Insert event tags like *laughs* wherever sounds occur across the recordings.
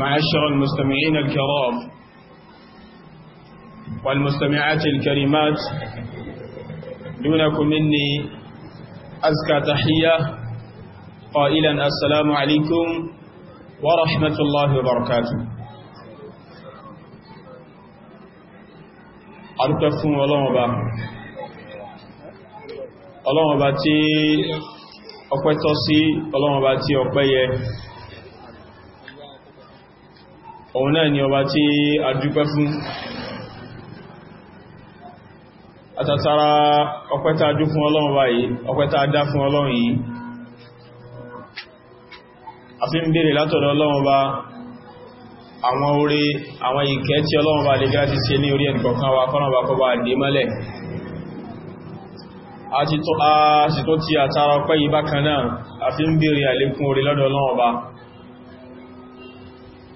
معاشر المستمعين الكرام والمستمعات الكريمات دونكم مني أزكى تحية قائلا السلام عليكم ورحمة الله وبركاته àdúpẹ́ fún ọlọ́wọ̀ba ọlọ́wọ̀ba tí ọpẹ́ tọ́ sí ọlọ́wọ̀ba tí ọpẹ́ yẹ òun náà ni ọba tí a dúpẹ́ fún àtàtàrà ọpẹ́ta dú fún ọlọ́run báyìí ọpẹ́ta dá fún ọlọ́run yìí a fi ń bèèrè látọ̀dọ̀ ọlọ́run bá àwọn orí àwọn ìkẹ́ tí ọlọ́run bá lè gá ti ṣe ní orí ẹnìkọ̀ọ̀kan wa kọ́nà bá kọ́ bá dé mọ́lẹ̀ a sì tó ti àtàrà ọpẹ́ yìí bákan náà a fi ń bèèrè àlékún orí lọ́dọ̀ ọlọ́run bá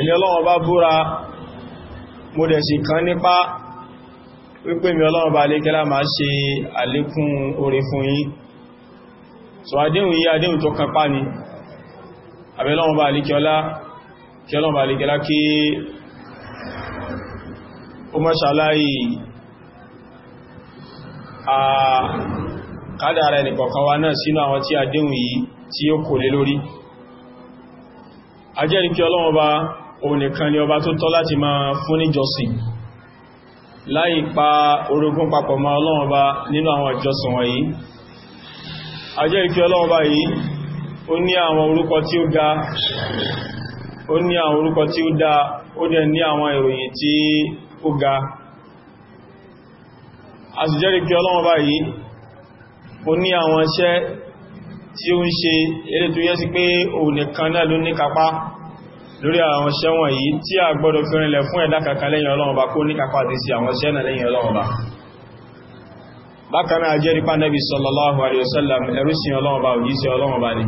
èmi ọlọ́run bá búra mo dẹ̀ sì kan nípa wípé mi ọlọ́run bá lé kẹ́lá máa ṣe àlékún oore fún yín so àdéhùn yí àdéhùn tó kan pá ni àbẹ́lọ́run bá lé kẹ́lá kẹ́lọ́run bá lé kẹ́lá kí ó mọ́ ṣàláyì ẹnìkọ̀ọ̀kan wa náà sínú àwọn tí àdéhùn yìí tí ó kò lé lórí ajẹ́rìí kí ọlọ́run bá onìkan ni ọba tó tọ́ láti máa fún níjọsìn láì pa orogún papọ̀ mọ́ ọlọ́run ọba nínú àwọn ìjọsìn wọ̀nyí ajẹ́ ìkí ọlọ́run ọba yìí ó ní àwọn orúkọ tí ó ga ó ní àwọn orúkọ tí ó dá ó dẹ̀ ní àwọn ìròyìn tí ó ga a sì jẹ́rìí pé ọlọ́run ọba yìí ó ní àwọn iṣẹ́ tí ó ń ṣe eré tó yẹ sí pé òun nìkan náà ló ní kápá lórí àwọn iṣẹ́ wọ̀nyí tí a gbọ́dọ̀ fi rinlẹ̀ fún ẹ̀dá kankan lẹ́yìn ọlọ́run bá kó ní kápá àti sí àwọn iṣẹ́ náà lẹ́yìn ọlọ́run bá bákan náà jẹ́rìí pa Nábì sallallahu alaihi wasallam ẹrú sí ọlọ́run bá òjíṣẹ́ ọlọ́run bá ní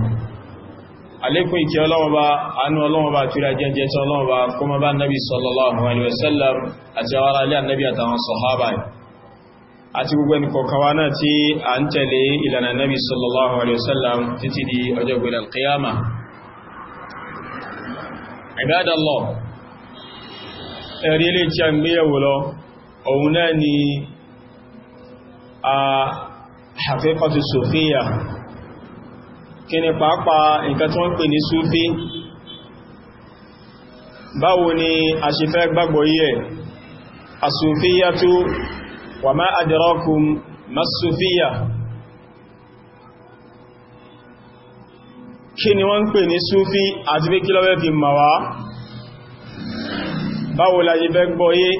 àlékún ìkẹ́ ọlọ́run bá àánú ọlọ́run bá túrí ajẹ́jẹ́ tí ọlọ́run bá kó mọ́ bá Nábì sallallahu alaihi wasallam àti àwọn ará ilé Nábì àtàwọn Ibadallah ẹ̀rí ilé tí a ń gbéyẹ̀wò lọ òun náà ni a haqiqatu sufiyya kí ni pàápàá nǹkan tí wọ́n pè ní sufi báwo ni a ṣe fẹ́ gbàgbọ́ yíẹ̀ as-sufiyyatu wa ma adrakum ma as-sufiyya kí ni wọ́n ń pè ní súfí àti pé kí lọ́wẹ́ fi mà wá báwo la yí fẹ́ gbọ́yé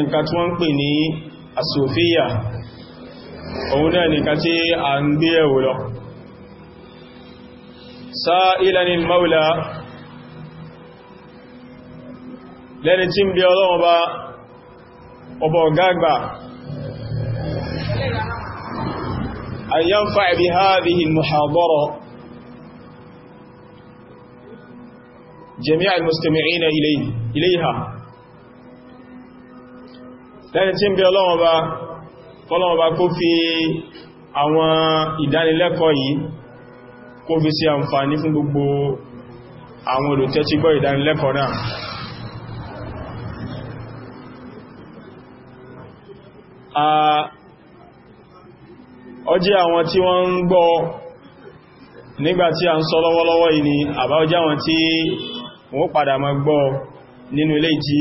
nǹkan tí wọ́n ń pè ní àsòfíyà òun náà nìkan tí a ń gbé ẹ̀wò lọ sáàílani maula lẹ́ni tí ń bí ọlọ́wọ́ bá ọba ọ̀gá àgbà أن ينفع بهذه المحاضرة جميع المستمعين إليه إليها lẹ́yìn tí ń bẹ ọlọ́wọ́ bá kọlọ́wọ́ bá kó fi àwọn ìdánilẹ́kọ̀ọ́ yìí kó fi sí àǹfààní fún gbogbo àwọn olùtẹ́tígbọ́ ìdánilẹ́kọ̀ọ́ náà a ah, ó jẹ́ àwọn tí wọ́n ń gbọ́ nígbàtí a ń sọ lọ́wọ́lọ́wọ́ yìí ni àbá ó jẹ́ àwọn tí wọ́n padà máa gbọ́ nínú ilé tí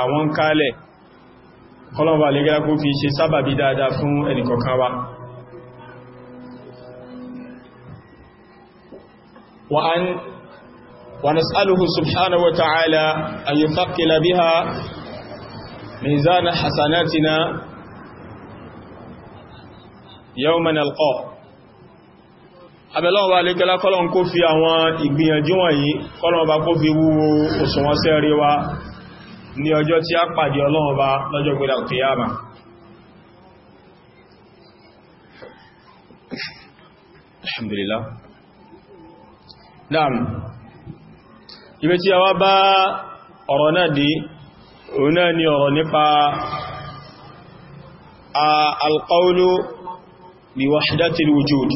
àwọn kálẹ̀ kọlọ̀bà lè kó fi ṣe sábàbí dáadáa fún ẹnìkọ̀ọ̀kan wa وأن ونسأله سبحانه وتعالى أن يثقل بها ميزان حسناتنا yawma nalqa abẹ́lọ́wọ́ bá lékẹ́lá kọ́lọ̀n kó fi àwọn ìgbìyànjú wọ̀nyí kọ́lọ̀n bá kó fi wúwo òṣùwọ́nsẹ́ rí wa ní ọjọ́ tí a pàdé Ọlọ́run bá lọ́jọ́ òun náà ni ọ̀rọ̀ nípa alqawlu بوحدة الوجود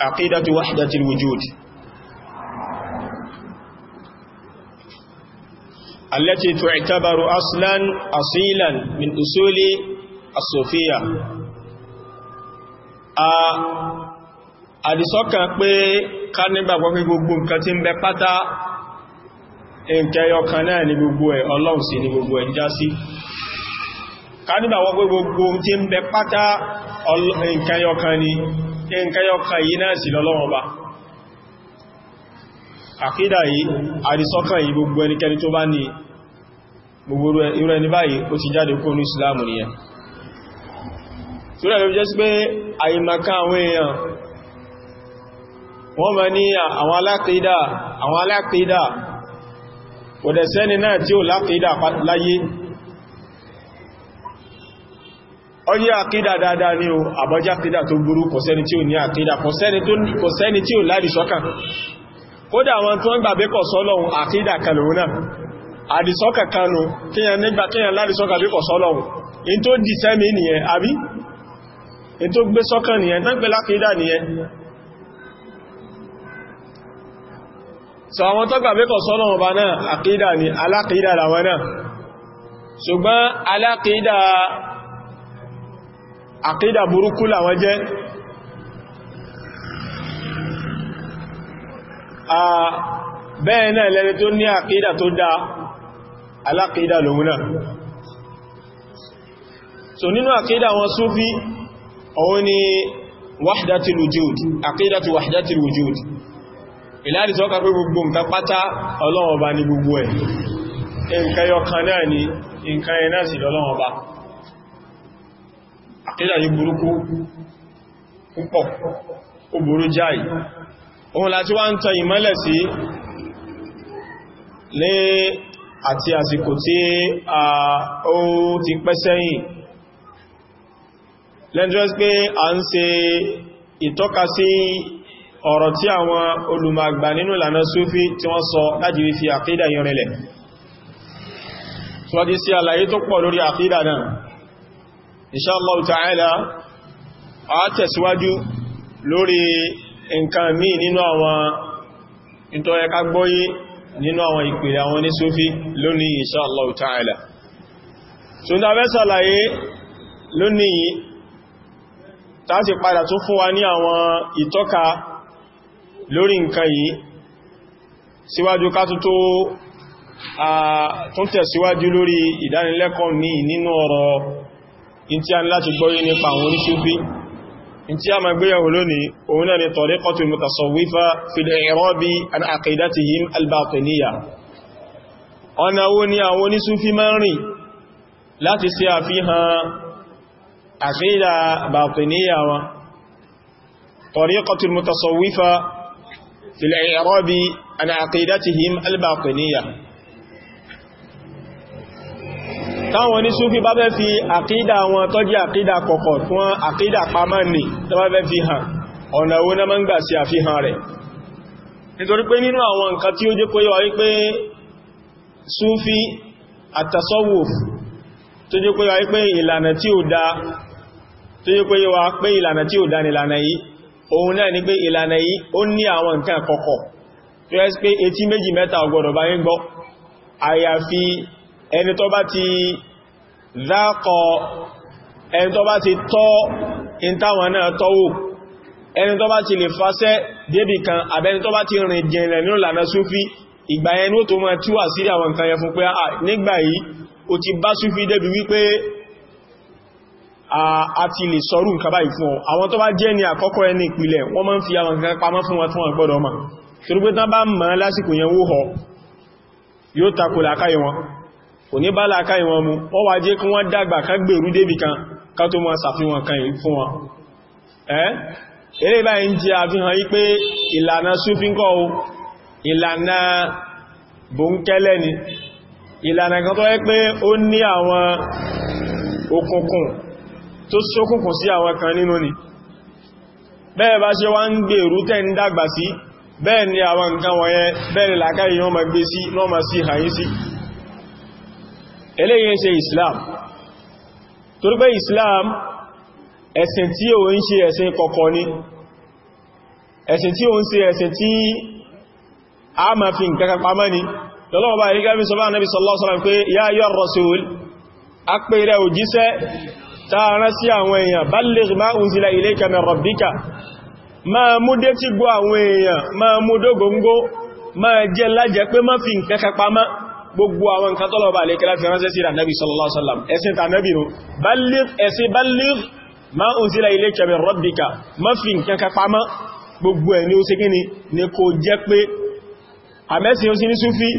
عقيدة وحدة الوجود التي تعتبر أصلا أصيلا من أصول الصوفية àdìsọ́kàn pé ká nígbàgbọ́ pé gbogbo nǹkan tí ń bẹ pátá nǹkan ẹyọkan náà ní gbogbo ẹ̀ ọlọ́run sí ní gbogbo ẹ̀ já sí ká nígbà wọ́n pé gbogbo tí ń bẹ pátá nǹkanyọkan ni nǹkanyọkan yìí náà sì lọ́lọ́wọ́n bá àkídà yìí àdìsọ́kàn yìí gbogbo ẹnikẹni tó bá ní gbogbo irú ẹni báyìí ó ti jáde kó ní ìsìláàmù nìyẹn tó rẹ̀ ló jẹ́ sí pé àyímaká àwọn ma ní àwọn alákìídà àwọn alákìídà kò dẹ̀ sẹ́ni náà tí ó lákìídà ó ní àkídà dáadáa ní o àbọ́já àkídà tó burú kò sẹ́ni tí ò ní àkídà kò sẹ́ni tí ò láìrí sọ́kàn kódà àwọn tó ń gbàgbé kọ̀ sọ́lọ́hun àkídà kalòun náà àdìsọ́kà kanu kíyàn nígbà kíyàn láìrí sọ́kà bí kọ̀ sọ́lọ́hun in tó dì sẹ́mi nìyẹn àbí in tó gbé sọ́kàn nìyẹn tán pé lákídà nìyẹn so àwọn tó gbàgbé kọ̀ sọ́lọ́hun ọba náà àkídà ni àkídà burúkú làwọn jẹ́ a bẹ́ẹ̀ náà lẹ́ni tó ní àkídà tó dá alákídà lòun náà so nínú àkídà wọn súfí òun ni wahdatul wujud àkídàtù wahdatul wujud ìlàrí tọ́ka pé gbogbo nǹkan pátá Ọlọ́run ni gbogbo ẹ̀ nǹkan yọkan náà ni nǹkan ẹ̀ náà sì lọ́lọ́run ìlà yìí burúkú púpọ̀ ó burú jáì ohun láti wá ń tan ìmọ́lẹ̀ sí ní àti àsìkò tí a ó ti pẹ́ sẹ́yìn lẹ́jọ́ pé a ń ṣe ìtọ́ka sí ọ̀rọ̀ tí àwọn olùmọ̀gbà nínú ìlànà súfí tí wọ́n sọ láti fi àkídà yìí rẹ̀lẹ̀ tí wọ́n sí àlàyé tó pọ̀ lórí àkídà náà Insha Allah Ta'ala a tẹ̀síwájú lórí nǹkan míì nínú àwọn ìtọ́ẹ̀ká gbọ́yí nínú àwọn ìpìlẹ̀ àwọn ní Súfí lónìí Insha Allah Ta'ala ṣùndàfẹ́ sàlàyé lónìí tàbí padà tún fún wa ní àwọn ìtọ́ka lórí nǹkan yìí síwájú ká tún tó a tún tẹ̀síwájú lórí ìdánilẹ́kọ̀ọ́ ní nínú ọ̀rọ̀ in tí a ní láti gbọ́yé nípa àwọn oníṣúfí in tí a ma gbéyàwó lónìí òun náà ni tariqatul mutasawwifa fil i'rabi an aqidatihim al-batiniyya ọ̀nà wo ni àwọn oníṣúfí máa ń rìn láti ṣe àfihàn aqida batiniyya táwọn ní súfí bá fẹ́ fi àkídà wọn tọ́jú àkídà kọ̀kọ̀ fún àkídà pamọ́ ní tó bá fẹ́ fi hàn ọ̀nà owó náà mọ́ngbà sí àfihàn rẹ̀ nítorí pé nínú àwọn nǹkan tí ó jẹ́ kó yé wa wípé súfí àtasọ́wùf tó jẹ́ kó yé wa wípé ìlànà tí ó dá tó jẹ́ kó yé wa pé ìlànà tí ó dá ní ìlànà yìí òun náà ni pé ìlànà yìí ó ní àwọn nǹkan kọ̀kọ̀ tó yẹ́ pé etí méjì mẹ́ta ọgbọ̀dọ̀ bá yín gbọ́ àyàfi ẹni tó bá ti dákọ ẹni tó bá ti tọ́ ìntàwọn náà tọ́wò ẹni tó bá ti lè fásẹ́ débì kan àbẹni tó bá ti rìn jìnlẹ̀ nínú lànà súfí ìgbà yẹn ó tó mọ́ tí wà sí àwọn nǹkan yẹn fún pé a ti lè sọrú nǹkan báyìí fún ọ àwọn tó bá jẹ́ ní àkọ́kọ́ ẹni ìpìlẹ̀ wọ́n máa ń fi àwọn nǹkan pamọ́ fún wọn fún ọgbọ́dọ̀ ọmọ torípé tán bá mọ̀ lásìkò yẹn wó họ yóò takò làkáyẹ wọn kò ní bá láàká ìwọn mú wọ́n wá jẹ́ kí wọ́n dàgbà ká gbèrú débì kan ká tó mọ́ sàfihàn kan fún wọn ẹ́ eré báyìí ń jẹ àfihàn yí pé ìlànà súfínkọ́ o ìlànà bòńkẹ́lẹ́ ni ìlànà kan tó yẹ pé ó ní àwọn òkùnkùn tó ṣókùnkùn sí àwọn kan nínú ni bẹ́ẹ̀ bá ṣe wá ń gbèrú tẹ́ ń dàgbà sí bẹ́ẹ̀ ni àwọn nǹkan wọ̀nyẹn bẹ́ẹ̀ ni làákàyè wọ́n ma gbé sí lọ́mà sí ìhàyí sí eléyìn ṣe islam torí pé islam ẹ̀sìn tí ó ń ṣe ẹ̀sìn kọ̀kọ̀ ni ẹ̀sìn tí ó ń ṣe ẹ̀sìn tí a ma fi nǹkan kapamọ́ ni lọ́lọ́wọ́ bá ìrígá bí sọ́bá anábi sallallahu alaihi wasallam pé ya ayyuhar rasul a pè rẹ̀ òjíṣẹ́ tààrán sí àwọn èèyàn balligh ma unzila ilayka min rabbika ma mú dé tí gbọ́ àwọn èèyàn ma mú dógóngó ma jẹ́ lájẹ́ pé má fi nǹkan kapamọ́ gbogbo àwọn nǹkan tọ́lọ̀ bá lè kílá fi ránṣẹ́ sí ìrànàbí sallallahu alaihi wasallam ẹ̀sìn tànàbí nù ẹ̀sìn balligh ma unzila ilayka min rabbika ma fi nǹkan ka pamọ́ gbogbo ẹ̀ ní ó sí kíni ni kò jẹ́ pé àmẹ́sìn ó sí ní súfí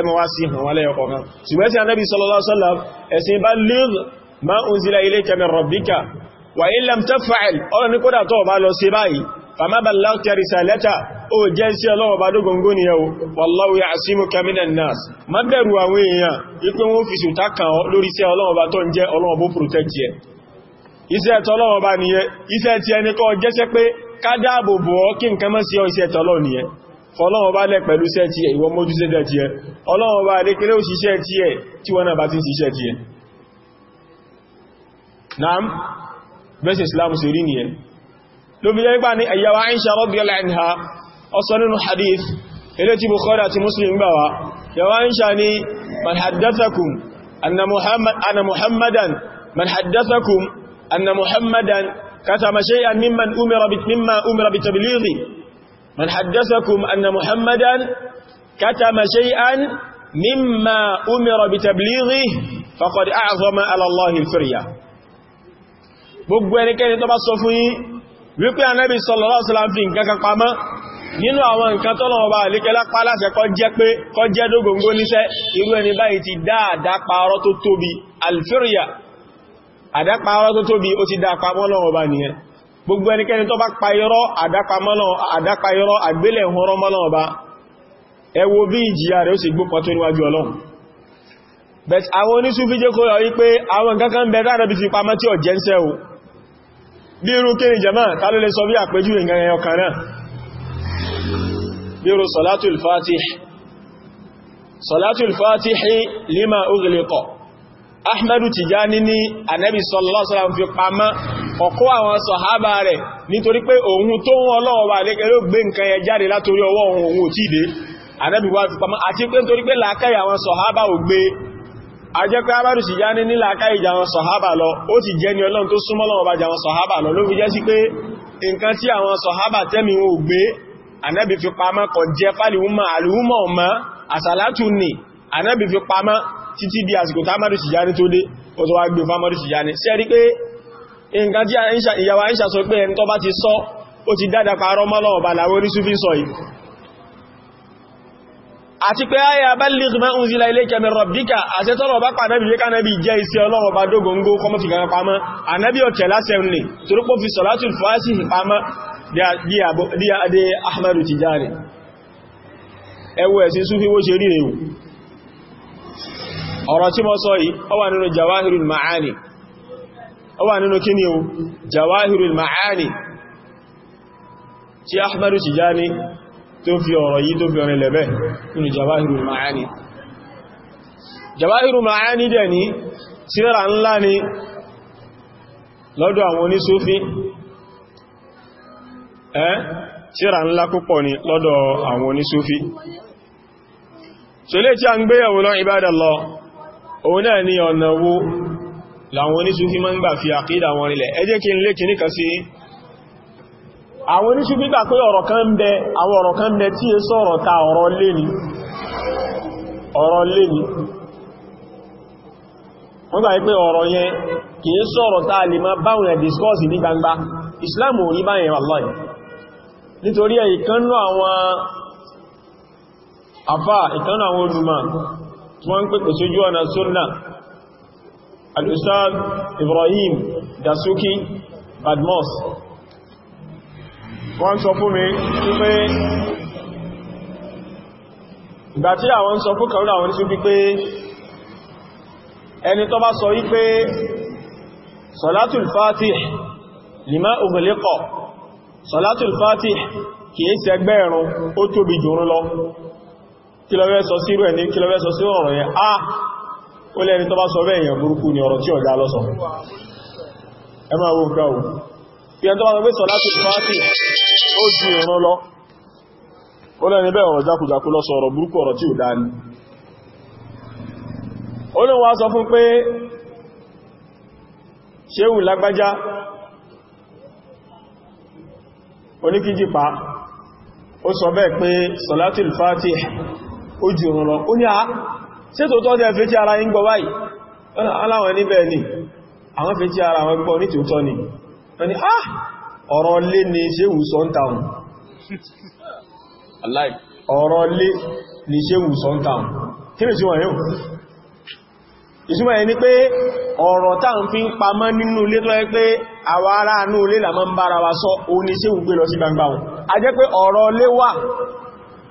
ẹmọ wá sí hàn wálẹ̀ ọkọ̀ kan ṣùgbẹ́ sí anábi sallallahu alaihi wasallam ẹ̀sìn bá ligh ma unzila ilayka min rabbika wa in lam taf'al ọ̀rọ̀ ní kódà tó bá lọ sí báyìí fama ballaghta risalata ó jẹ́ sí ọlọ́wọ́ bá dógóngó ni yau wallahu ya'simuka minan nas má bẹ̀rù àwọn èèyàn ipé wọ́n fi ṣùtá kan lórí sí ọlọ́wọ́ bá tó ń jẹ́ ọlọ́wọ́ bó protect yẹ iṣẹ́ tọ́lọ́wọ́ bá nìyẹn iṣẹ́ ti ẹni kọ́ jẹ́sẹ́ pé ká dáàbò bò ọ́ kí nǹkan mọ́ sí ọ iṣẹ́ tọ́lọ́ nìyẹn fọ́lọ́wọ́ bá lẹ̀ pẹ̀lú iṣẹ́ tí ẹ ìwọ mójú sí ẹ̀tí ẹ ọlọ́wọ́ bá lè kílé òṣìṣẹ́ tí ẹ tí wọ́n náà bá ti ń ṣiṣẹ́ tí ẹ naam bẹ́sẹ̀ islam sí rí nìyẹn ló fi jẹ́ nípa ní ẹ̀yàwó Aisha radiyallahu anha ọsọ nínú hadith ilé tí Bukhari àti Muslim gbà wá yàwó Aisha ni man haddathakum anna Muhammad anna من حدثكم أن محمدا كتم شيئا مما أمر بتبليغه فقد أعظم على الله الفرية gbogbo ẹnikẹni tó bá sọ fún yín wípé anábi sallallahu alaihi wasallam fi nǹkan kan pamọ́ nínú àwọn nǹkan tọ́nà ọba àlékẹ́lá pa láṣẹ kó jẹ́ pé kó jẹ́ dógóngó níṣẹ́ irú ẹni báyìí ti dáadáa pààrọ̀ tó tóbi alfirya àdápàárọ̀ tó tóbi ó ti dáa pamọ́ gbogbo ẹnikẹ́ni tó bá payọ́rọ́ àdápayọ́rọ́ àgbélẹ̀ ọ̀rọ̀ mọ́nà ọba ẹ wò bí ìjìyà rẹ̀ ó sì gbópa tó níwájú ọlọ́run but àwọn oníṣúfí jẹ́ kó yọ wípé àwọn kankan bẹ dáadọ́ bí ti pamọ́ tí ọ jẹ́ ń sẹ́ o bí irú kí ni ahmadu tijani ni ànábì sallallahu alaihi wasallam fi pamọ́ ọ̀kọ́ àwọn sọ̀hábà rẹ̀ nítorí pé òun tó wọn lọ́wọ́ wà lékẹrẹ gbé nǹkan yẹn jáde látorí ọwọ́ òun ò tí dé wá fi pamọ́ àti pé nítorí pé làákàyè àwọn sọ̀hábà ò gbé ahmadu tijani ni ọlọ́run tó súnmọ́ lọ́wọ́ bá jà àwọn sọ̀hábà lọ ló fi jẹ́ sí pé nǹkan tí àwọn sọ̀hábà tẹ́mi wọn ò gbé ànábì fi pamọ́ kọ̀ jẹ́ fálìwúmọ̀ àlùwúmọ̀ ọ̀mọ́ àsàlátù ni ànábì fi pamọ́ títí di àsìkò támàdù Tìjání tó dé ó tó wá gbé fámàdù Tìjání sí ẹ̀rí pé nǹkan tí ìyàwó Àìṣà sọ pé ẹni tó bá ti sọ ó ti dáadáa parọ́ mọ́lọ̀ ọ̀bà làwọn orí súfí sọ yìí àti pé ayé abálìg ma unzila ilayka min rabbika àṣẹ́tọ́lọ̀ bá pa anábì lékà anábì jẹ́ iṣẹ́ ọlọ́wọ̀ bá dógóngó kọmọ̀tì kan pamọ́ anábì ọ̀tẹ̀ lásẹ̀m ní torípò fi salatul fásih pamọ́ Ahmadu Tijani ẹwọ ẹ̀sìn súfí wó ṣe ọ̀rọ̀ tí mo sọ yìí ó wà nínú jawahirul ma'ani ó wà nínú kíni o jawahirul ma'ani tí ahmadu tijani tó fi ọ̀rọ̀ yìí tó fi ọ̀rẹ́ lẹ́bẹ̀ nínú jawahirul ma'ani jawahirul ma'ani dẹ̀ ni tírà ńlá ni lọ́dọ̀ àwọn onísúfí ẹ́ tírà ńlá púpọ̀ lọ́dọ̀ àwọn onísúfí ṣe lè tí a ń gbéyàwó lọ òun náà ni ọ̀nà wo làwọn oníṣúfí máa ń gbà fi àkídà wọn rílẹ̀ ẹ kí n kan sí àwọn oníṣúfí gbà pé ọ̀rọ̀ kan bẹ àwọn ọ̀rọ̀ kan bẹ tí ta ọ̀rọ̀ ni ọ̀rọ̀ lé ni wọ́n gbà pé ọ̀rọ̀ yẹn kì í sọ̀rọ̀ ta lè máa báwọn ẹ̀ discourse ní gbangba Islam ò rí báyẹn wallahi nítorí ẹ̀ ìkánnú àwọn àfà ìkánnú àwọn olùmọ̀ tí wọ́n ń pèpè sójú ọ̀nà súnnà al-ustaz Ibrahim Dasuki Badmos wọ́n sọ fún mi wípé ìgbà tí àwọn sọ fún kàrúnà àwọn tí wípé ẹni tó bá sọ wípé Salatul Fatih lima ughliqa Salatul Fatih kìí sẹgbẹ́ ẹ̀rùn ó tóbi jùrún lọ kí ló fẹ́ sọ sírò ah, ẹni a ó lẹ́ni tó bá sọ bẹ́ẹ̀ èèyàn burúkú ni ọ̀rọ̀ tí ọ̀dá lọ́sọ ẹ máa wo nǹkan o bí ẹni tó bá sọ pé sọ láti fàátì ó ju ìran lọ ó lẹ́ni bẹ́ẹ̀ ọ̀rọ̀ jákujàku ṣéhù lágbájá oníkíjìpá ó sọ bẹ́ẹ̀ pé sọ̀látìl ó jù òun lọ ó ní àá ah, ṣe tó tọ́ jẹ́ fetí ara yín gbọ́ báyìí aláwọn ah, níbẹ̀ ni àwọn fetí ara wọn gbọ́ ní tòótọ́ ni wọ́n ni ah ọ̀rọ̀ lé ni ṣéwù sọ́ntàun ọ̀rọ̀ lé ni ṣéwù sọ́ntàun kí ni ìṣúwọ̀n yóò ìṣúwọ̀n yẹn ni pé ọ̀rọ̀ táà ń fi ń pamọ́ nínú ilé wa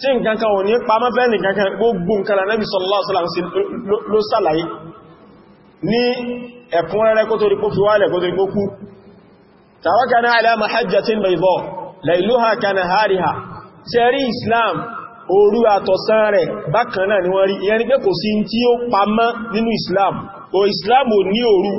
tí nǹkankan ò ní pàmọ́ fẹ́ nìkankan gbogbo nǹkan lànàbí sallallahu alaihi wasallam ló sàlàyé ní ẹ̀kúnrẹ́rẹ́ kó tó rí kó fi wálẹ̀ kó tó rí kó kú tarakana ala mahajjatin bayda layluha kanahariha sẹ́rí islam òru àtọ̀sán rẹ̀ bákan náà ni wọ́n rí ìyẹn ni pé kò sí tí ó pamọ́ nínú islam o islam ò ní òru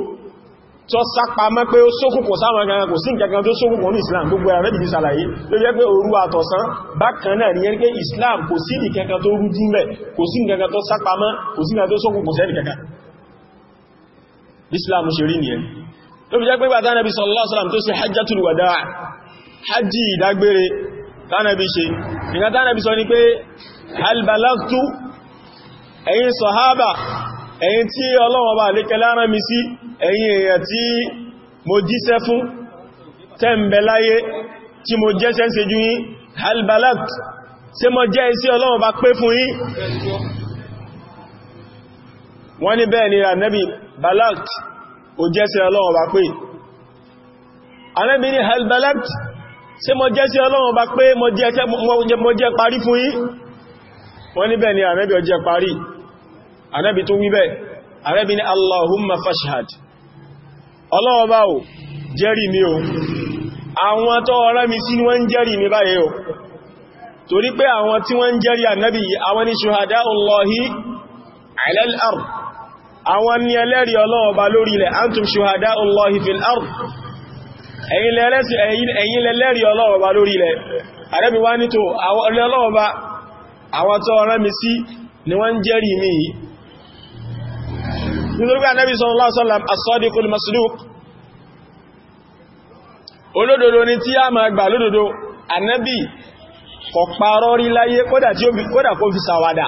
tó sápamọ́ pé ó sókùnkùn sáwọn gangan kò sí nǹkankan tó sókùnkùn ní Islam gbogbo ẹ̀rẹ́ ìdí sàlàyé ló jẹ́ pé òru àtọ̀sán bákan náà ní ẹgbẹ́ Islam kò sí nǹkankan tó rújú mẹ́ kò sí nǹkankan tó sápamọ́ kò sí nǹkankan tó sókùnkùn sẹ́ni kankan Islam ṣe rí nìyẹn ló fi jẹ́ pé bàtà nàbí sallallahu alaihi wasallam tó ṣe hajjatul wada hajji ìdágbére tánàbí ṣe nǹkan tánàbí sọ ni pé sí ẹ̀yin èèyàn tí mo jíṣẹ́ fún tẹ́m̀bẹ̀láyé tí mo jẹ́ṣẹ́ ń ṣe jú yín halbalakt ṣé mo jẹ́ isi ọlọ́run bá pé fún yín wọ́n ní bẹ́ẹ̀ ni ànábì balakt ò jẹ́ṣẹ́ ọlọ́run bá pé ànábì ní halbalakt ṣé mo jẹ́ṣẹ́ ọlọ́run bá pé mo jẹ́ parí fún yín wọ́n ní bẹ́ẹ̀ ni ànábì ó parí ànábì tó wí bẹ́ẹ̀ ànábì ní allahumma fashhad ọlọ́wọ́ bá ò jẹ́rì mi o àwọn tó ọ̀rẹ́ mi sí wọ́n ń jẹ́rì mi báyẹ̀ o torí pé àwọn tí wọ́n ń jẹ́rì ànábì àwọn ni ṣuhadá Allahi ala al-ard àwọn ni ẹlẹ́rì ọlọ́wọ́ bá lórí ilẹ̀ antum ṣuhadá Allahi fil ard ẹ̀yin lẹ́lẹ́rì ọlọ́wọ́ nítorí pé anábì sallallahu alaihi wasallam as-sadiqul masduq olódodo ni tí a máa gbà lódodo anábì kò parọ́ rí láyé kódà kó fi sàwádà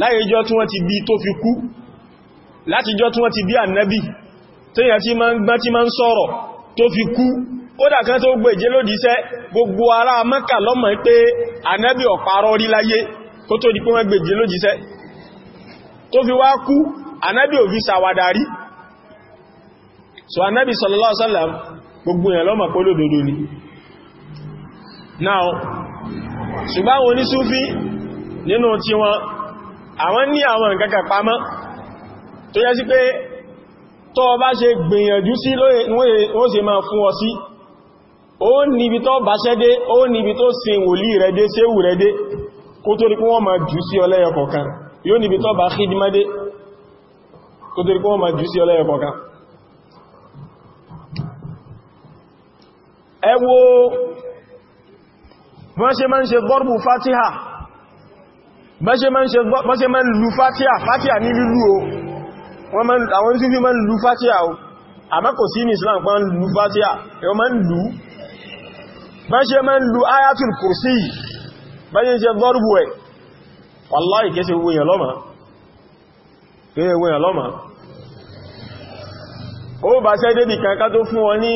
láyé jọ tí wọ́n ti bí tó fi kú láti jọ tí wọ́n ti bí anábì tó yẹ tí ma ń gbá tí ma ń sọ̀rọ̀ tó fi kú kódà kan tó gbèjé lódìíṣẹ́ gbogbo ará Mákà lọ́mọ̀ pé anábì ò parọ́ rí láyé kó tó di pé wọ́n gbèjé lódìíṣẹ́ tó fi wá kú anábì ò fi sàwádàrí so anábì sallallahu alaihi wasallam gbogbo èèyàn lọ́mọ̀ pé olódodo ni now ṣùgbọ́n àwọn onísúfí nínú tí wọn àwọn ní àwọn nǹkan kan pamọ́ tó yẹ sí pé tó bá ṣe gbìyànjú sí wọ́n ṣe máa fún ọ sí ó níbi tó bá ṣẹ́dé ó kó tó rí kó wọ́n ma jù sí ọlẹ́yọ kọ̀ọ̀kan ẹ wo wọ́n ṣe máa ń ṣe bọ́rùbù fatiha bọ́n ṣe máa ń lù fatiha fatiha ní lílù o àwọn tí fi máa ń lù fatiha o àmọ́ kò sí ní Islam kan lù fatiha ẹwọ máa ń lù bọ́n ṣe máa ń lù ayatul kursi bọ́n ṣe bọ́rùbù ẹ̀ wallahi kẹsẹ̀ wúyàn lọ́màá pé ẹwọ́ èèyàn lọ́mà ó bá ṣẹ́ débì kankan tó fún wọn ní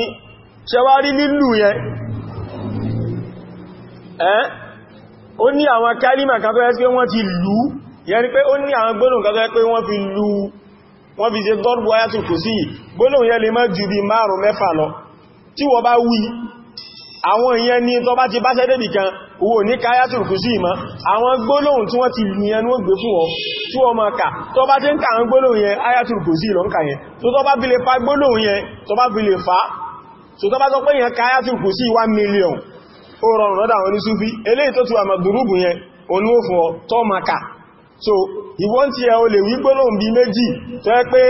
ṣẹwárí lílù yẹn ẹ́ ó ní àwọn kálímà kan tó yẹ pé wọ́n ti lù yẹn ni pé ó ní àwọn gbólóhùn kan tó yẹ pé wọ́n fi lù wọ́n ti bá ṣẹ́ débì kan owó ní káyátù kùsí ìmá àwọn gbólóhùn tí wọ́n ti yẹn ní wọ́n gbé fún ọ tí wọ́n máa kà tó bá ti ń ka àwọn gbólóhùn yẹn áyátù kùsí lọ ń kà yẹn tó tó bá fi lè fa gbólóhùn yẹn tó bá fi lè fa so tó bá sọ pé yẹn káyátù kùsí 1 million ó rọrùn lọ́dà wọn ní súfí eléyìí tó tu àmà dùrúbù yẹn olówó fún ọ tó máa kà so ìwọ́n ti ẹ o lè wí gbólóhùn bí méjì tó yẹ pé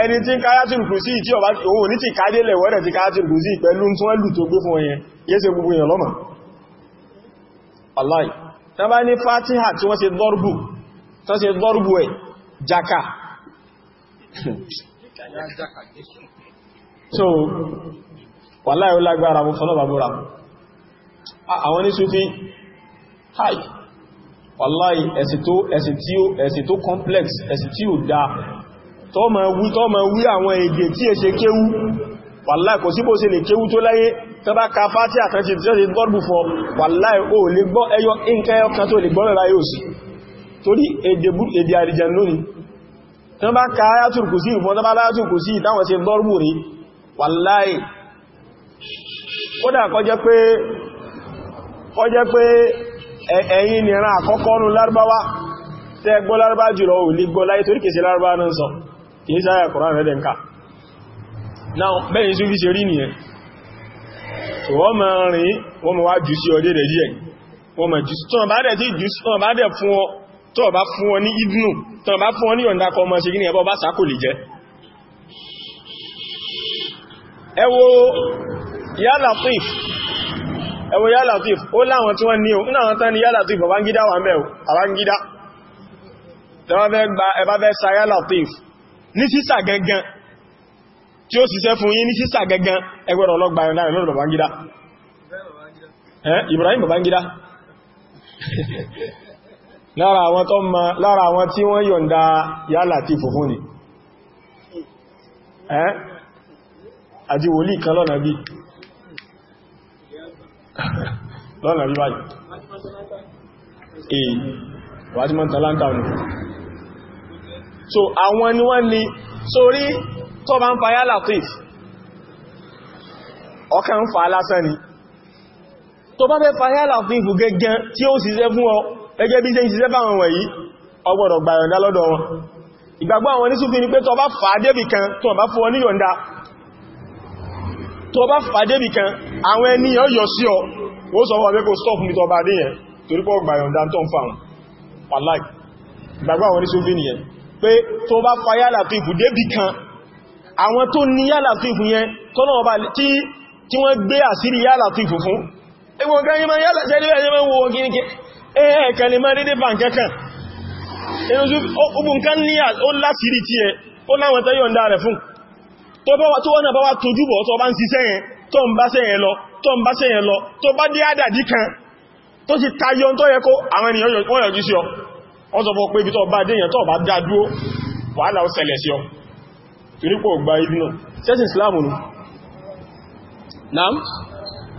ẹni tí ń káyátù kùsí tí ọba òun ní ti kádé lẹ̀wọ́dẹ̀ ti káyátù kùsí pẹ̀lú tí wọ́n lù tó gbé fún ọ yẹn gbogbo èèyàn lọ́màá aláì tán bá ní fatiha tí wọ́n ṣe dọ́rùbù tán ṣe dọ́rùbù ẹ̀ jaka *laughs* so wàláì ó lágbára mú fọ́nà búra àwọn ní Sufi hi wàláì ẹ̀sì tó complex ẹ̀sì tí ó dá tọ́ ma wí àwọn èdè tí è ṣe kéwú wàláì kò síbò ṣe lè kéwú tó láyé tó bá ka fátí àtàntí tí ó ti gọ́rùbù fọ wàláì ó lè gbọ́ ẹyọ ìkẹyọ kan tó lè gbọ́ mẹ́ra yóò sí torí èdè àrìjàn lónìí tó bá ka ayatul kùsí ìfọ́n tó bá láyatul kùsí ìtàwọn ṣe gọ́rùbù rí wàláì ó dà kọjẹ́ pé kọjẹ́ pé ẹ̀yin nìran àkọ́kọ́ nú lárúbáwá tẹ́ gbọ́ lárúbá jùlọ bẹ́yìn sí fi ṣe rí nìyẹn so wọ́n ma rìn wọ́n ma wá jù sí ọdẹ́ rẹ̀ díẹ̀ wọ́n ma jù tọ́n bá dẹ̀ tí jù tọ́n bá dẹ̀ fún ọ tọ́n bá fún ọ ní ìdùnnú tọ́n bá fún ọ ní ọ̀ndakọ ọmọ ṣe gíní ẹbọ bá sákò lè jẹ́ ẹ wò Ya Latif ẹ wò Ya ó láwọn tí wọ́n ní o ní àwọn tán ni Ya Latif Babangida wà mẹ́ o Babangida ẹbá fẹ́ sa tí ó ṣiṣẹ́ fún yín ní sísà gangan ẹgbẹ̀rẹ̀ ọlọ́gbà ẹ̀rìn láàrin lọ́rọ̀ Babangida Ibrahim Babangida *laughs* lára àwọn tó ma lára àwọn tí wọ́n yọ̀nda yálà tí fòfún ni ẹ́ àti wòlí kan lọ́nà bí *laughs* lọ́nà bí báyìí so àwọn ni wọ́n ni sórí tó bá ń fa yálà tíf ọkàn ń fa lásán ni tó bá fẹ́ fa yálà tíf gẹ́gẹ́ tí ó ṣiṣẹ́ fún ọ gẹ́gẹ́ bí ṣe ń ṣiṣẹ́ fáwọn wọ̀nyí o gbọ́dọ̀ gba yọ̀ǹda lọ́dọ̀ wọn ìgbàgbọ́ àwọn ní súfin ni pé tó bá fà á débì kan tó bá fún ọ ní yọ̀ǹda tó bá fà á débì kan àwọn ènìyàn yọ sí ọ ó sọ wọn mẹ́kò stop mi tó bá dé yẹn torí pọ́ gba yọ̀ǹda tó ń fàun pàláì ìgbàgbọ́ àwọn ní súfin nìyẹn pé tó bá fà yálà débì kan àwọn tó ní yálà tó ìfún yẹn tọ́nà ọba tí wọ́n gbé àsírí yálà tó ìfún fún ẹgbọ́n kan yí ma yálà jẹ́lẹ́ ẹ̀yẹ ma ń wo gíníkí ẹ̀ẹ̀kan lè má dédé bá nkẹ́kàn ogun kan ní ó lásìrí tí ẹ ó láwọn tó yọ̀ǹda rẹ̀ fún tó wọ́n bá wá tójú bọ̀ tó bá ń ṣiṣẹ́ yẹn tó ń bá sẹ́yẹn lọ tó ń bá sẹ́yẹn lọ tó bá dé àdàdí kan tó ti tayọ tó yẹ kó àwọn ènìyàn wọ́n yọjú sí wàhálà ó ṣẹlẹ̀ sí ọ torípò gba ìdínà ṣẹ́sìn Islamu. nù naam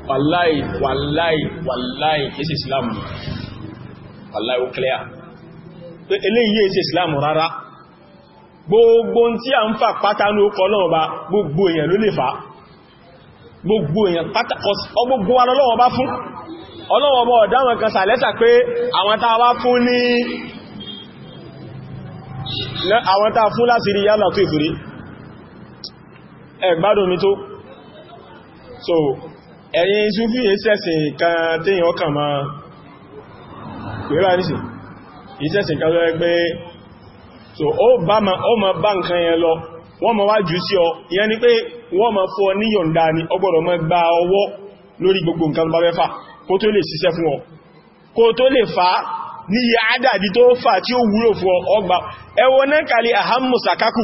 wàláì wàláì wàláì kìí sí islam nù wàláì ó clear pé eléyìí èsì islam rárá gbogbo tí a ń fà pátá ní ọkọ̀ náà bá gbogbo èèyàn ló lè fà gbogbo èèyàn pátá a bá fún a fún láti rí yálà tó ìfúrí ẹgbádùn mi tó so ẹ̀yin Súfí ìṣẹ́sìn kan téèyàn kàn máa pẹ̀lú àníṣì ìṣẹ́sìn kan lọ́rẹ́ pé so ó bá ma ó ma bá nǹkan yẹn lọ wọ́n ma wá jù sí ọ ìyẹn ni pé wọ́n ma fọ́ níyọ̀ǹda ni o gbọ́dọ̀ ma gba ọwọ́ lórí gbogbo nǹkan bá mẹ́fà kó tó lè ṣiṣẹ́ fún ọ kó tó lè fà á ní àdàdì tó fà tí ó wúlò fún ọ ọgbà ẹwọ náà kàlẹ̀ àhámù sàkákù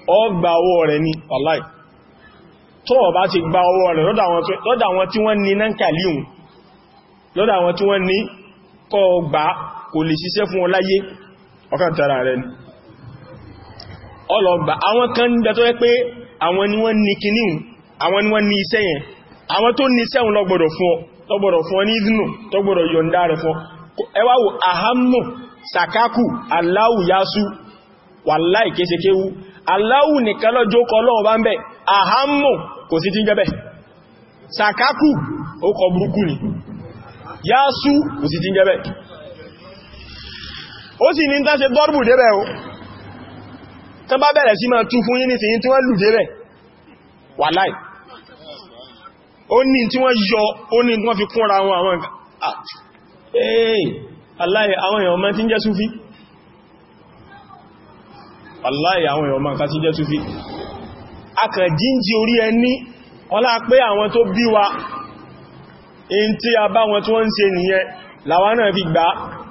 ọ gba owó rẹ̀ ní ọláì tó o bá ti gba owó rẹ̀ lọ́dà wọn tí wọ́n ní náà kàlíhùn lọ́dà wọn tí wọ́n ní kọ́ gbà kò lè ṣiṣẹ́ fún ọláyé ọkàn tara rẹ̀ ni ọlọ́gbà àwọn kan ń bẹ tó yẹ pé àwọn ni wọ́n ní kìníhùn àwọn ni wọ́n sakaku aláwù yású wàláì kéṣekéwú aláwù nìkan lọ́jọ́ kọ lọ́wọ́ bá ń bẹ̀ àhámù kò sí ti ń jẹ́bẹ̀ sàkákù ó kọ burúkú ni yásù kò sí ti ń jẹ́bẹ̀ ó sì ní tán ṣe dọ́rùbù débẹ̀ o tán bá bẹ̀rẹ̀ sí máa tú fún yí nìsìn tí wọ́n lù débẹ̀ wàláì ó ní tí wọ́n yọ ó ní tí wọ́n fi kúnra wọn àwọn nǹkan ah, eh, wàláhì àwọn èèyàn máa kàtí jẹ́ súfí akàn jíǹjì orí ẹni ọlá pé àwọn tó bí wa in tí a bá wọn tí wọ́n ń ṣe nìyẹn làwa náà fi gbà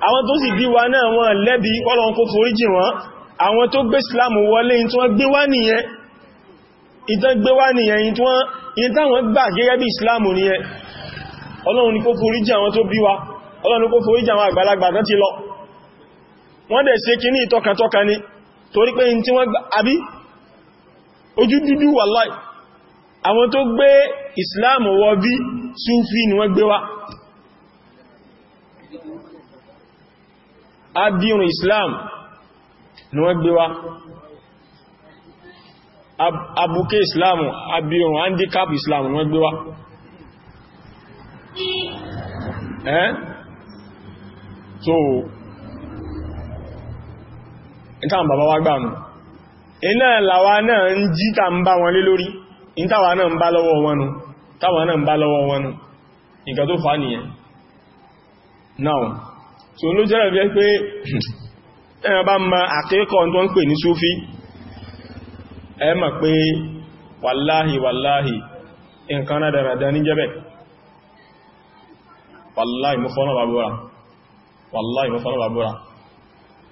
àwọn tó sì bí wa náà wọ́n lẹ́bi Ọlọ́run kó foríjì wọn àwọn tó gbé Islam wọlé in tí wọ́n gbé wá nìyẹn ìtàn gbé wá nìyẹn in táwọn gbà gẹ́gẹ́ bí Islam nìyẹn Ọlọ́run ni kó foríjì àwọn tó bí wa Ọlọ́run kó foríjì wọ́n dẹ̀ ṣe kíní ìtọkàntọkà ni torí pé in tí wọ́n gbà àbí ojú dúdú wàláì àwọn tó gbé islam wọ bí súnfí ni wọ́n gbé wá abirun islam ni wọ́n gbé wá abuké islam abirun handicap islam ni wọ́n gbé wá ẹ́ so ìtàn bàbá wa gbà nù iná làwa náà ń jí ta ń bá wọn lé lórí ìtàwà náà ń bá lọ́wọ́ wọn nù wọn tó fà nìyẹn now so ló jẹ́rẹ̀ bí pé *clears throat* ẹ̀rọ bá ma àkẹ́kọ̀ọ́ tó ń pè ní súfí ẹ mọ̀ pé wàláhì wàláhì nǹkan dáradá ní jẹ́bẹ̀ wàláhì mọ́fọ́nà bàbúrà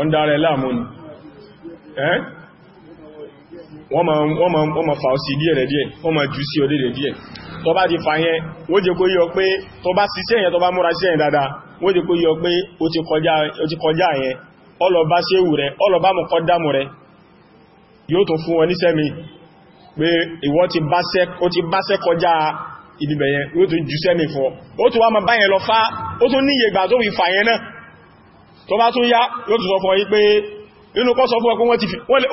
ọ̀ndà rẹ̀ láàmú ni ẹ́ wọ́n ma fa ọ̀sì díẹ̀ rẹ̀ díẹ̀ wọ́n ma jù sí ọdẹ́ rẹ̀ díẹ̀ tó bá ti fa yẹn wó jẹ́ kó yọ pé tó bá ṣiṣẹ́ yẹn tó bá múra ṣiṣẹ́ yẹn dáadáa wó jẹ́ kó yọ pé ó ti kọjá yẹn ọlọ́bá ṣéwù rẹ̀ ọlọ́bá mọ̀ kọ́ dámù rẹ̀ yóò tó fún wọn níṣẹ́ mi pé ìwọ ti báṣẹ́ kọjá ibibẹ̀ yẹn yóò tó jù sẹ́mi fún ó tó wá ma bá yẹn lọ fá ó tó níye ìgbà tó fi fà yẹn náà tó bá tún yá yóò tún sọ fún yí pé inú kọ́ sọ fún ọkún wọ́n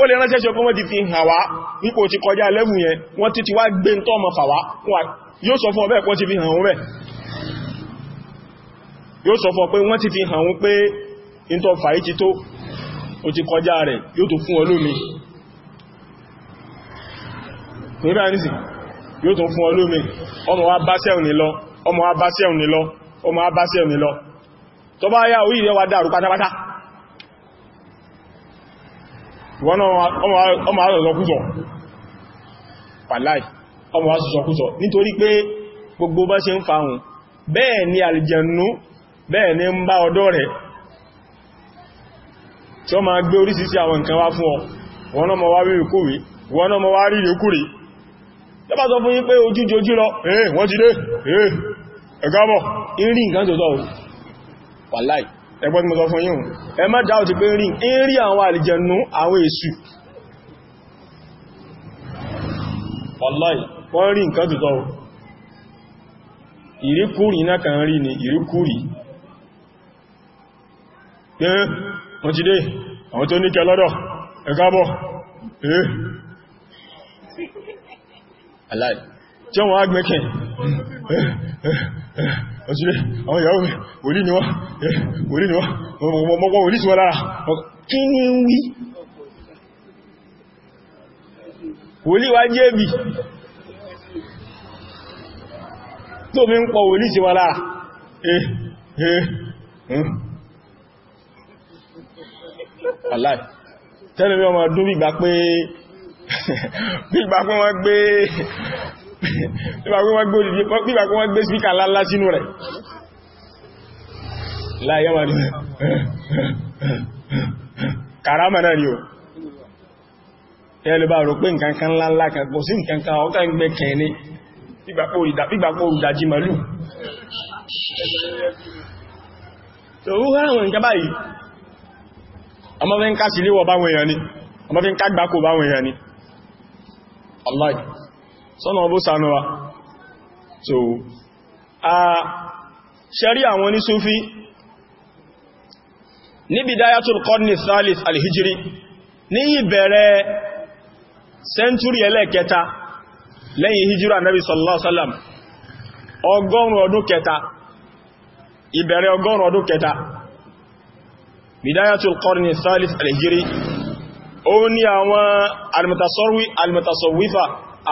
lè ránṣẹ́ ṣe wọ́n ti fi hàn wá nípò ti kọjá lẹ́bùn yẹn wọ́n ti ti wá gbé tọ́ ọmọ fà wá yóò sọ fún ọbẹ̀ pọ́n ti fi hàn wọ́n bẹ̀ yóò sọ fún ọ pé wọ́n ti fi hàn wọ́n pé ìntọ́ fàí tó o ti kọjá rẹ̀ yóò tó fún olómi yóò ọmọ wa bá sẹ́ùn ní tó bá yá orí rẹ̀ wà dàrú pátápátá wọ́n ọmọ àrọ̀sọ̀kúsọ̀ pàláì ọmọ nítorí pé gbogbo bá ṣe ń fàáhùn bẹ́ẹ̀ ni àlìjẹ̀nú bẹ́ẹ̀ ni ń bá ọ̀dọ̀ rẹ̀ tí ó ma gbé oríṣiríṣi àwọn nǹkan wá fún ọ wọ́n náà wá rí ìkúrí wọ́n náà wá rí lọ wọ́n ti dé irin nǹkan tó wàláì ẹgbọ́n mọ́ sọ fún yín ẹ má dáwọ̀ ti pé rí ń rí àwọn àlìjẹnú àwọn èṣù wàláì wọ́n rí nǹkan tuntun ìríkúrì náà kan rí ni ìríkúrì pé wọ́n ti dé àwọn tó níkẹ lọ́dọ̀ ẹ káàbọ̀ eh aláì tí wọ́n á gbẹ́kẹ̀ ọ̀sílẹ̀ àwọn ìyàwó wòlí ni wọ́n wòlí ni wọ́n mọ́gbọ́ wòlí sí wọ́n lára kí ni ń wí wòlí wá jẹ́ bí tó mi ń pọ̀ wòlí sí wọ́n lára eh eh aláì tẹ́lẹ̀ mi ọmọ ọdún bí gbà *laughs* pé wọ́n gbé nígbà kó wọ́n gbé síkà lálá sínú rẹ̀ láyẹ́wà ní karama náà ni o ẹlùbà rò pé nkankan lálá kan kò sí nkankan ọ̀ká ń gbé kẹ́ẹ̀ni pígbàpò ìdájí màlúù tó rú àwọn nǹkan báyìí ọmọ fi ń ká sílé wọ báwọn èèyàn ni ọmọ fi ń ká gbákò báwọn èèyàn ni Allah sọ́nà ọbó sanuwa so a ṣẹ́rí àwọn ní súfí ní bidayatul qarni thalith alhijri ní ìbẹ̀rẹ̀ sẹ́ntúrì ẹlẹ́kẹta lẹ́yìn hijira nabi sallallahu alaihi wasallam ọgọ́rùn ọdún kẹta ìbẹ̀rẹ̀ ọgọ́rùn ọdún kẹta bidayatul qarni thalith alhijri ó ní àwọn almutasawwifa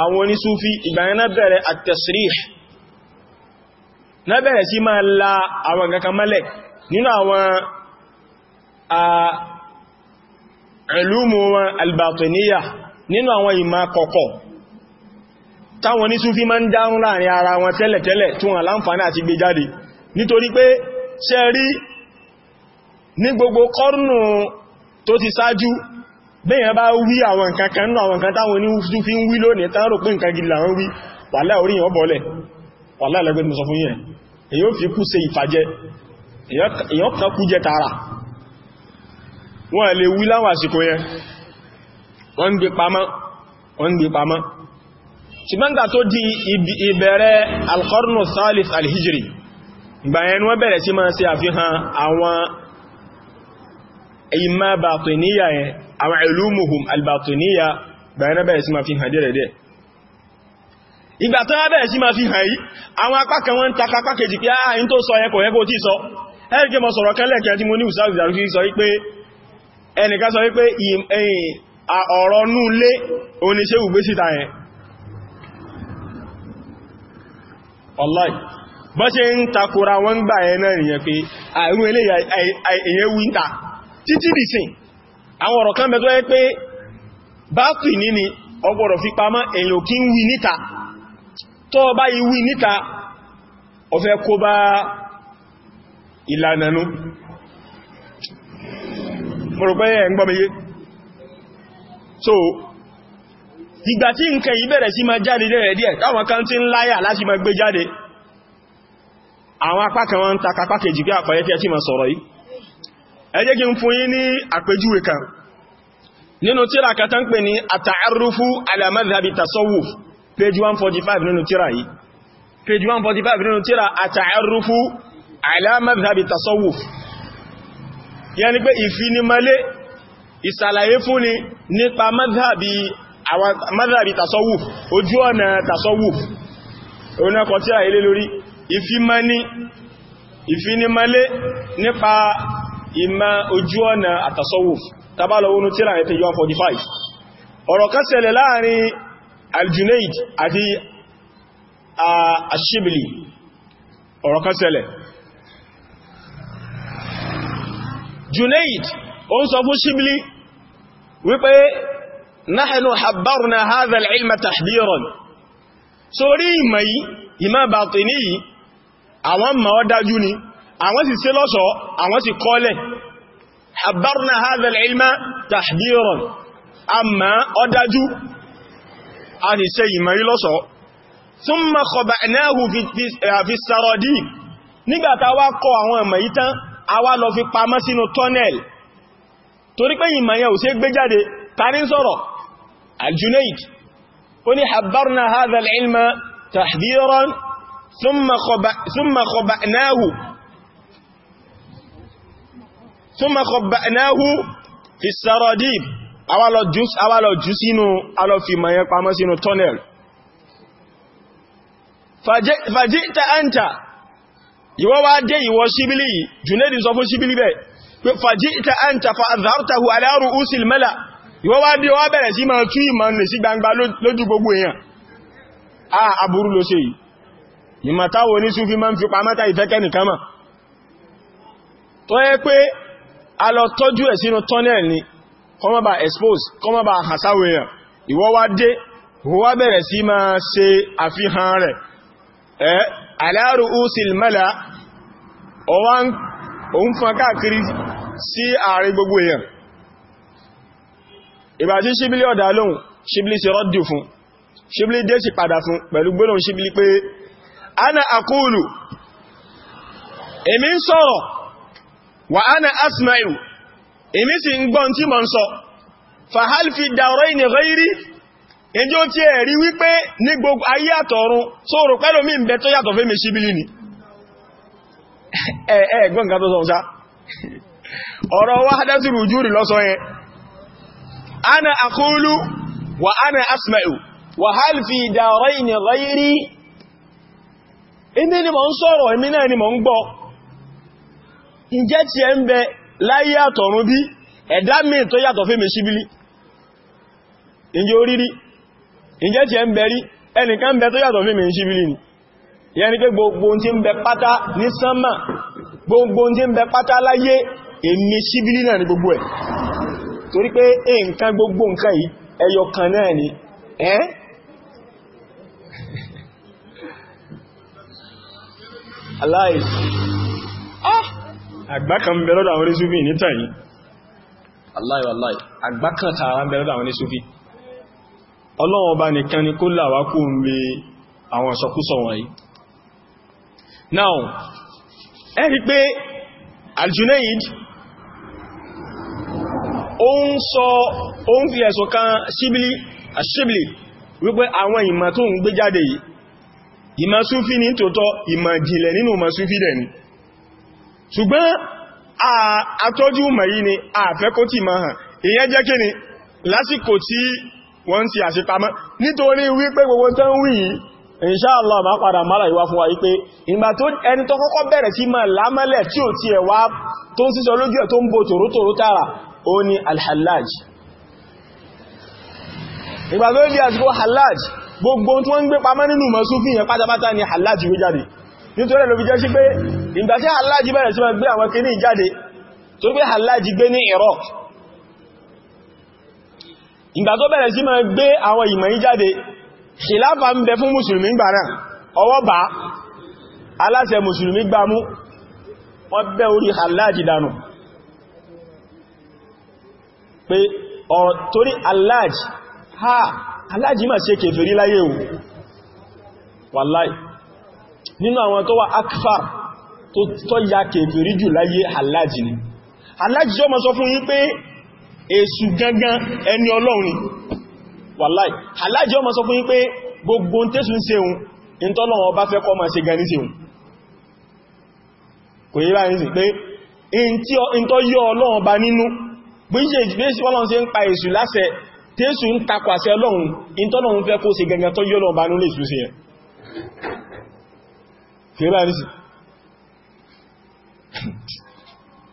àwọn onísúfí ìgbàyẹn náà bẹ̀rẹ̀ at-tasrih náà bẹ̀rẹ̀ sí máa la àwọn kankan mẹ́lẹ̀ nínú àwọn ìlúmù wọn albatiniya nínú àwọn ìmá kọ̀kọ̀ táwọn onísúfí máa ń dárún láàrin ara wọn tẹ́lẹ̀tẹ́lẹ̀ tí láǹfààní àti gbé jáde nítorí pé ṣe ní gbogbo kọ́rùnù tó ti ṣáájú bẹ́yàn bá wí àwọn nǹkan kan náà àwọn nǹkan táwọn oníwúsú fi ń wí lónìí tán rò pé nǹkan gidi làwọn wí wàlá orí yàn bọ́lẹ̀ wàlá ẹlẹ́gbẹ́ mo sọ fún yẹn èyàn fi kú ṣe ìfàjẹ́ èyàn kan kú jẹ tààrà wọ́n lè wí láwọn àsìkò alhijri ìgbà yẹn wọ́n bẹ̀rẹ̀ sí máa ṣe ìmá bàtíníyà yẹn àwọn ìlúmùhùn albàtíníyà na bẹ̀rẹ̀ si ma fi hàn dẹ̀rẹ̀ dẹ̀ ìgbà tó bẹ̀rẹ̀ sí ma fi hàn yi, àwọn apákan wọn taka pákejì pé ààyìn ah, tó sọ yẹn kò yẹ kó tí sọ ẹ́rìkẹ́ mọ sọ̀rọ̀ kẹ́lẹ̀kẹ́ tí mo ní ìsáàzì títí dìsìn àwọn ọ̀rọ̀ kan mẹ́tọ́ yẹ pé báàkì níní ọgbọ̀rọ̀ fi pamọ́ èyàn kí ń wí níta tó bá yí wí níta ọ̀fẹ́ kó bá ìlànànú mọ̀rọ̀pẹ́ so bẹ̀rẹ̀ àwọn apá kan wọ́n ń takapá kejì pé àkọ̀yẹ́ tí sọ̀rọ̀ yìí ẹ jẹ́ kí n fún yín ní àpèjúwe kan nínú tírà kan tán pè ní àtàárúfú ala madhhabi tasawuf page 145 nínú tírà yìí page 145 nínú tírà àtàárúfú ala madhhabi tasawuf yàní pé ìfinimalé ìsàlàyé fúnni nípa madhhabi àwọn madhhabi tasawuf ojú ọ̀nà tasawuf ọ̀nà kọ ilé lórí ìfinimalé nípa ìmá ojú ọ̀nà àtàsọ́wùf tàbálọ̀wọ́nú tíra ẹ̀tẹ̀ yọ 45 ọ̀rọ̀ kan ṣẹlẹ̀ láàrin aljunaid àti ashibli ọ̀rọ̀ kan ṣẹlẹ̀ junaid ó ń sọ fún shibli wípé nahnu habbarna hadha al-ilma tahdiran sórí ìmọ̀ yìí ìmọ̀ àwọn mọ̀ ọ́ dájú ni àwọn sì ṣe lọ́ṣọ́ àwọn sì kọ́lẹ̀ habbarna hadha al-ilma tahdiran amma ọdájú a sì ṣe ìmọ̀rí lọ́ṣọ́ thumma khaba'nahu fi eh, saradib nígbàtà wá kọ àwọn ìmọ̀ yìí tán a wá lọ fi pamọ́ sínú tunnel torí pé ìmọ̀ yẹn ò ṣe gbé jáde tani sọ̀rọ̀ al ó ní habbarna hadha al-ilma tahdiran thumma khaba'nahu thumma khabba'nahu fi saradib awálọ̀ jù sínú alọ́fìmọ̀ yẹn pamọ́ sínú tunnel fàjíta anta ìwọ wá dé ìwọ ṣíbílì yìí Junaid sọ fún ṣíbílì bẹ̀ pé fàjíta anta fa azhartahu ala ru'usil mala ìwọ wá dé wá bẹ̀rẹ̀ sí máa tú ìmọ̀ nì sí gbangba lójú gbogbo èèyàn a aburú ló ṣe yìí ìmọ̀táwò ní a lọ tọ́jú ẹ̀ sínú tunnel ni kọmọ́ bá expose kọmọ́ bá hasawe yàn ìwọ wá dé wọ́n bẹ̀rẹ̀ sí máa ṣe àfihàn rẹ̀ ẹ́ aláàrù úsìl mẹ́lá òun fún káàkiri sí ààrẹ gbogbo èèyàn ìbàtí ṣíbílì ọ̀dá lóhun ṣíbílì sí rọ́dù fún ṣíbílì dé sí padà fún pẹ̀lú gbólóhùn ṣíbílì pé ana akúlù èmi ń sọ̀rọ̀ wà ánà asma'u èmi sì ń gbọ́n tí mọ̀ ń sọ fàhálfì dàrọ ìní rẹ́rí ẹjọ́ tí ẹ̀ rí wípé ní gbogbo ayé àtọ̀run sóòrò pẹ́lú mí ń bẹ tó yàtọ̀ fẹ́ mi síbílì ni ẹ̀ẹ̀gbọ́n kan tó sọ sá ọ̀rọ̀ wáhádásí rùjúrì lọ́sọ yẹn ana akúlù wa ana asma'u wa halfi dàrọ ìní rẹ́rí èmi ni mọ̀ ń sọ̀rọ̀ èmi náà ni mọ̀ ń ǹjẹ́ tí ẹ ń bẹ láyé àtọ̀run bí ẹ̀dá míì tó yàtọ̀ fẹ́ mẹ́ṣíbílì ǹjẹ́ orírí ǹjẹ́ tí ẹ ń bẹ rí ẹnìkan bẹ tó yàtọ̀ fẹ́ mẹ́ṣíbílì ni yẹni pé gbogbo nje ń bẹ pátá ní sánmà gbogbo nje ń bẹ pátá láyé èmi ṣíbílì náà ni gbogbo ẹ̀ torí pé nǹkan gbogbo nǹkan yìí ẹyọ kan náà ni *laughs* aláìsí ah àgbákan ń bẹ lọ́dọ̀ àwọn oníṣúfì ní tàyí wallahi wallahi àgbákan tààrà ń bẹ lọ́dọ̀ àwọn oníṣúfì ọlọ́wọ́ bá nìkan ni kó làwá kú ń lè àwọn ṣọkúsọ wọ̀nyí now ẹ rí pé Al-Junaid ó ń sọ ó ń fi ẹ̀sùn kan Shibli Shibli wípé àwọn ìmọ̀ tó ń gbé jáde yìí ìmọ̀ Súfí ní tòótọ́ ìmọ̀ ìjìnlẹ̀ nínú ìmọ̀ Súfí dẹ̀ ni ṣùgbọ́n àtọ́jú mẹ̀yí ni àfẹ́ kó tí ma hàn ìyẹn jẹ́ kí ni lásìkò tí wọ́n ti àṣepamọ́ nítorí wípé gbogbo tán wí inshallah ma padà mara ìwá fún wa wípé ìgbà tó ẹni tó kọ́kọ́ bẹ̀rẹ̀ tí ma lámẹ́lẹ̀ tí ò ti ẹ̀wà tó ń sísọ lójú ẹ̀ tó ń bo tòrótòró tààrà ó ní alhallaj ìgbà tó ń di àsìkò hallaj gbogbo tí wọ́n ń gbé pamọ́ nínú mọ̀ súfí yẹn pátápátá ni hallaj wé jáde nítorí ló fi jẹ́ sí pé ìgbà tí Halaji bẹ̀rẹ̀ sí ma gbé àwọn kìíní jáde tó gbé Halaji gbé ní Iraq ìgbà tó bẹ̀rẹ̀ sí ma gbé àwọn ìmọ̀ yí jáde ṣìláfà ń bẹ fún mùsùlùmí gbà náà ọwọ́ bá aláṣẹ mùsùlùmí gbá mú wọ́n orí Halaji dànù pé ọ̀rọ̀ torí Halaji ha Halaji ma ṣe kèfèrí láyé wò wàláì nínú àwọn tó wà akfar tó tọ́ ya kèfèrí jù láyé alájì ni alájì yọ́ ma sọ fún yín pé èṣù gangan ẹni ọlọ́run wàláì alájì yọ́ ma sọ fún yín pé gbogbo tẹ́sù ń seun ìntọ́lọ́wọ́ bá fẹ́ kọ́ ma ṣe gani seun kò yí báyìí sí pé ìntọ́ yọ ọlọ́run bá nínú bí ṣe pa èṣù láṣẹ tẹ́sù ń takwàṣẹ ọlọ́run ìntọ́lọ́run fẹ́ kó ṣe gangan tọ́ yọ ọlọ́run bá nínú lè kìíbà ní sí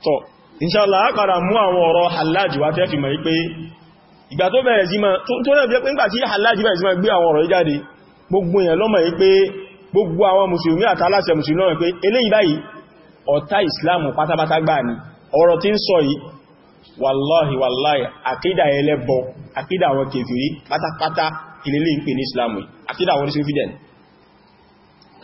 tọ́ inṣàlá àpàdà mú àwọn ọ̀rọ̀ halájì wá tẹ́fì mọ̀ wípé ìgbà tó bẹ̀rẹ̀ sí ma tó náà jẹ́ pé nígbà tí halájì bẹ̀rẹ̀ sí ma gbé àwọn ọ̀rọ̀ ìjáde gbogbo èèyàn lọ́mọ̀ wípé gbogbo àwọn mùsùlùmí àtàlásẹ̀ mùsùlùmí lọ́mọ̀ pé eléyìí báyìí ọ̀tá ìsìláàmù pátápátá gbà ní ọ̀rọ̀ tí ń sọ yìí wàláhì wàláhì àkídà ẹlẹ́bọ àkídà àwọn kèfèrí pátápátá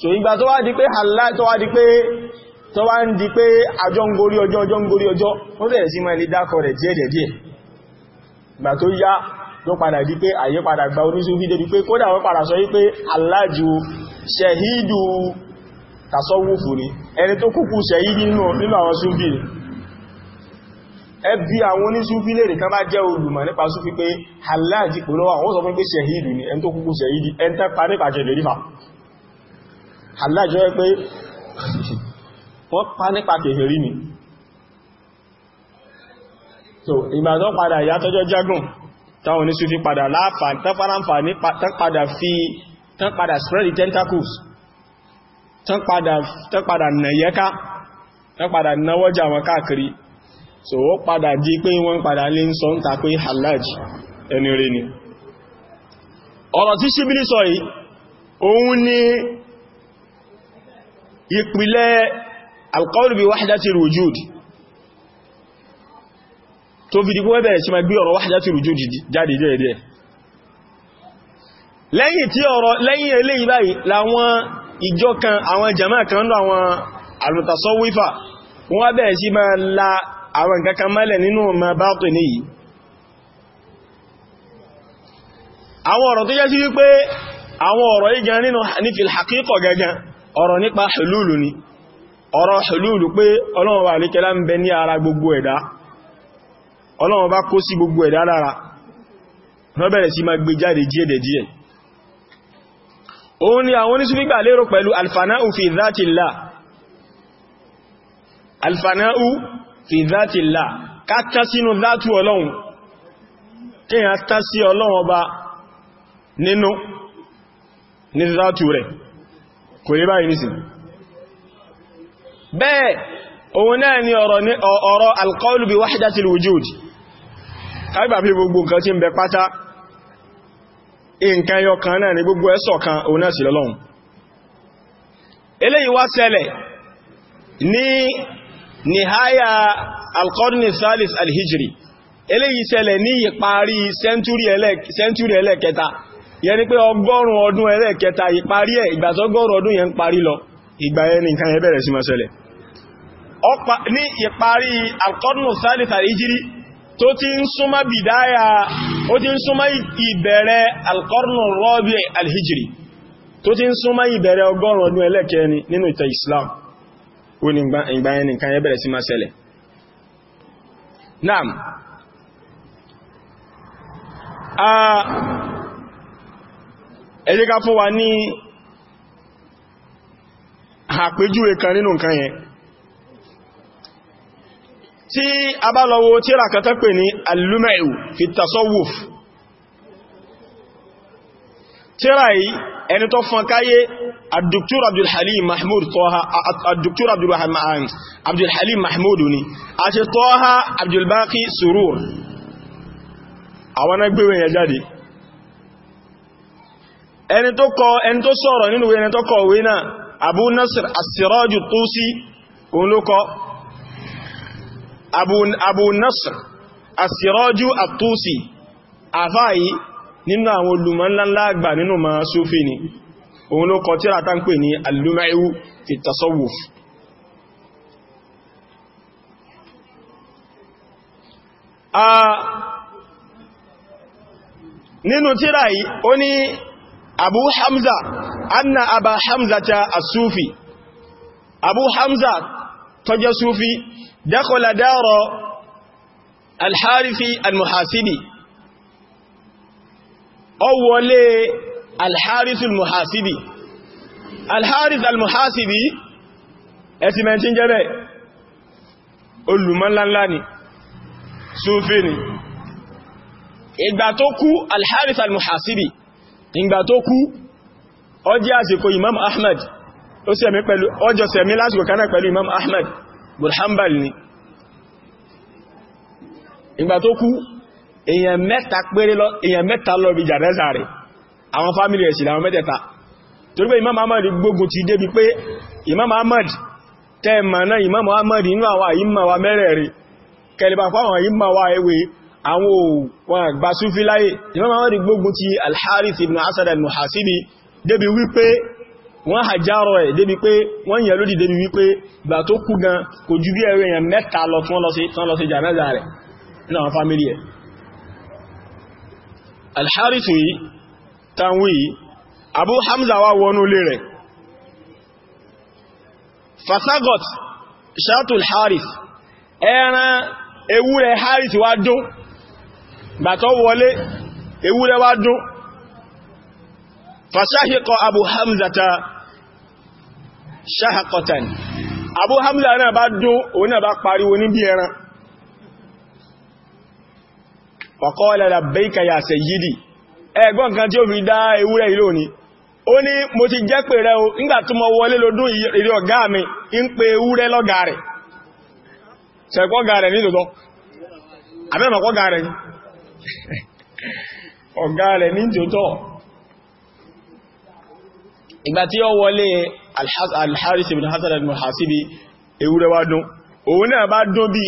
so ìgbà tó wá di pé halal tó wá di pé tó wá ń di pé àjọ ń gorí ọjọ́ ọjọ́ ń gorí ọjọ́ ó tẹ̀rẹ̀ sí máa lè dákọ̀ rẹ̀ díẹ̀dẹ̀ ìgbà tó yá padà di pé àyè padà gba oníṣúfí débi pé kódà wọ́n padà sọ wípé aláàjù ṣẹ̀hídù ni ẹni tó kúkú ṣẹ̀hídì nínú àwọn ẹbí àwọn lè rí kan bá jẹ́ olùmọ̀ nípa pé aláàjì pẹ̀lú àwọn pé ṣẹ̀hídù ni ẹni tó kúkú ṣẹ̀hídì alájọ́ pé wọ́n pa nípa kèfèrí ni so ìgbàdán padà ìyátọ́jọ́ jágùn táwọn oníṣù fi padà láàfà tánfàránfà ní tánpadà fi tánpadà spread the tentacles tánpadà nàyẹ́ká tánpadà náwọ́jà wọn káàkiri so ó padà di pé wọ́n padà lè ń sọ ń ta pé halaj ẹni rẹ̀ ni ọ̀rọ̀ tí ṣíbílì sọ yìí òun ni ìpìlẹ̀ al-qawl bi wahdatil wujud tó fi dìkú wẹ́bẹ̀rẹ̀ sí ma gbé ọ̀rọ̀ wahdatil wujud jáde dẹ́ẹ̀dẹ́ lẹ́yìn tí ọ̀rọ̀ lẹ́yìn eléyìí báyìí láwọn ìjọ kan àwọn jama kan nínú àwọn al-mutasawwifa wọ́n bẹ̀rẹ̀ sí ma la àwọn nǹkan kan ọ̀rọ̀ nípa hululu ni ọ̀rọ̀ hululu pé ọlọ́run bá lékẹ́lá ń bẹ ní ara gbogbo ẹ̀dá ọlọ́run bá kó sí gbogbo ẹ̀dá lára wọ́n bẹ̀rẹ̀ sí máa gbé jáde díẹ̀dẹ̀ díẹ̀ òun ni àwọn onísúfí lérò pẹ̀lú alfana'u fi dhatillah alfana'u fi dhatillah ká tán sínú dhatu ọlọ́run kíyàn tán kò yé báyìí nísìn bẹ́ẹ̀ òun náà ni ọ̀rọ̀ alqawlu bi wahdatil wujud káìbà bí gbogbo nǹkan tí ń bẹ pátá nǹkan yọ kan náà ni gbogbo ẹ̀sọ̀ kan òun náà sí lọ́lọ́run eléyìí wá ṣẹlẹ̀ ní nìháyà alqarni thalith alhijri eléyìí ṣẹlẹ̀ ní ìparí sẹ́ntúrì ẹlẹ́kẹta yẹn ni pé ọgọ́rùn ọdún kẹta ìparí ẹ ìgbà ọdún yẹn ń lọ ìgbà ẹni nǹkan yẹn bẹ̀rẹ̀ sí máa ní ìparí alkọ́dùnù sáàlìtà ìjírí tó ti ń súnmá bìdáyà ó ti ń súnmá ìbẹ̀rẹ̀ alkọ́dùnù ẹ jẹ́ ká fún wa ní àpèjúwe kan nínú nǹkan yẹn tí a bá lọ wo tírà kan tó pè ní al-Lum'u fi tasawuf tírà yìí ẹni tó fọn káyé Ad-Doktor Abdul Halim Mahmud Taha Ad-Doktor Abdul Halim Mahmud ni àti Taha Abdul Baqi Surur àwọn ẹgbẹ̀rẹ̀ yẹn jáde ẹni tó kọ ẹni tó sọ̀rọ̀ nínú ẹni tó kọ òwe náà abu nasir asiraju tusi òun ló kọ abu nasir asiraju atusi àfáàyí nínú àwọn olùmọ̀ ńláńlá àgbà nínú ma súfì ni òun ló kọ tíra tá ń pè ní al-lum'u fi ah, nínú tíra yìí ó ní abu hamza anna aba hamza ta asufi abu hamza tó jẹ́ sufi dákọ̀lá dárọ̀ alharifi almuhasibi ó wọlé alharifi almuhasibi alharifi almuhasibi ẹ̀sìmẹ̀ntín jẹ́ bẹ́ẹ̀ olùmọ́lánlá ni sufi ni ìgbà tó kú alharifi almuhasibi ìgbà tó kú ó Imam Ahmad ó ṣẹ̀mí pẹ̀lú ọjọ́ ṣẹ̀mí lásìkò kanáà pẹ̀lú Imam Ahmad burhanbal ni ìgbà tó kú èyàn mẹ́ta péré lọ èyàn mẹ́ta lọ bí jàrẹ́sà rẹ̀ àwọn fámílì ẹ̀sì làwọn Imam Ahmad gbogbo ti débi pé Imam Ahmad tẹ́ẹ̀mà náà Imam Ahmad inú àwọn àyíma wa fáwọn àyíma wa àwọn òwọ̀n àgbà súfí láyé Imam Ahmad gbógun ti Al-Harith ibn Asad al-Muhasibi débi wípé wọ́n hajjárọ̀ ẹ̀ débi pé wọ́n yẹ̀ lódì débi wípé gbà tó kú gan kò ju bí ẹ̀rẹ́ èèyàn mẹ́ta lọ tán lọ sí jàmẹ́zà rẹ̀ nínú àwọn fámílì ẹ̀ rẹ̀ fasagot wá dún bàtọ́ wọlé ewúrẹ́ dún fàṣáhìkọ abu ṣáhàkọtàn abu hamza náà bá dún òun náà bá pariwo ní bí ẹran ọ̀kọ́ọ̀lẹ̀ labbaika ya sayyidi ẹgbọ́n kan tí ó fi dá ewúrẹ́ ìlò ni ó ní mo ti jẹ́ pé rẹ o nígbà tí mo wọlé lódún ìrí ọ̀gá mi ń pe ewúrẹ́ lọ́gà rẹ̀ rẹ̀ ọ̀gá rẹ̀ ní jòtọ́ ìgbà tí ó wọlé alharis ibn hasan al-muhasibi ewúrẹ́ wá dún òun náà bá dún bí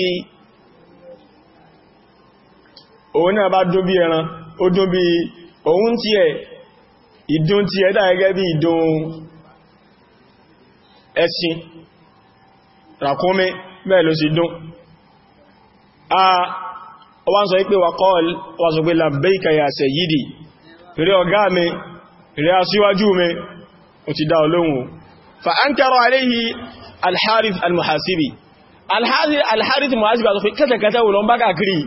òun náà bá dún bí ẹran ó dún bí òun tí ẹ̀ ìdún tí ẹ̀ dáa bí ìdún ẹṣin ràkúnmí bẹ́ẹ̀ ló sì dún ó wá ń sọ wípé wàkọ́ọ̀lù wà sọ pé labbaika ya sayyidi rí ọgá mi rí aṣíwájú mi o ti dá olóhun fa ankara alayhi alharith almuhasibi alharith almuhasibi àti kẹtẹkẹtẹ wò lọ ń bá kàkiri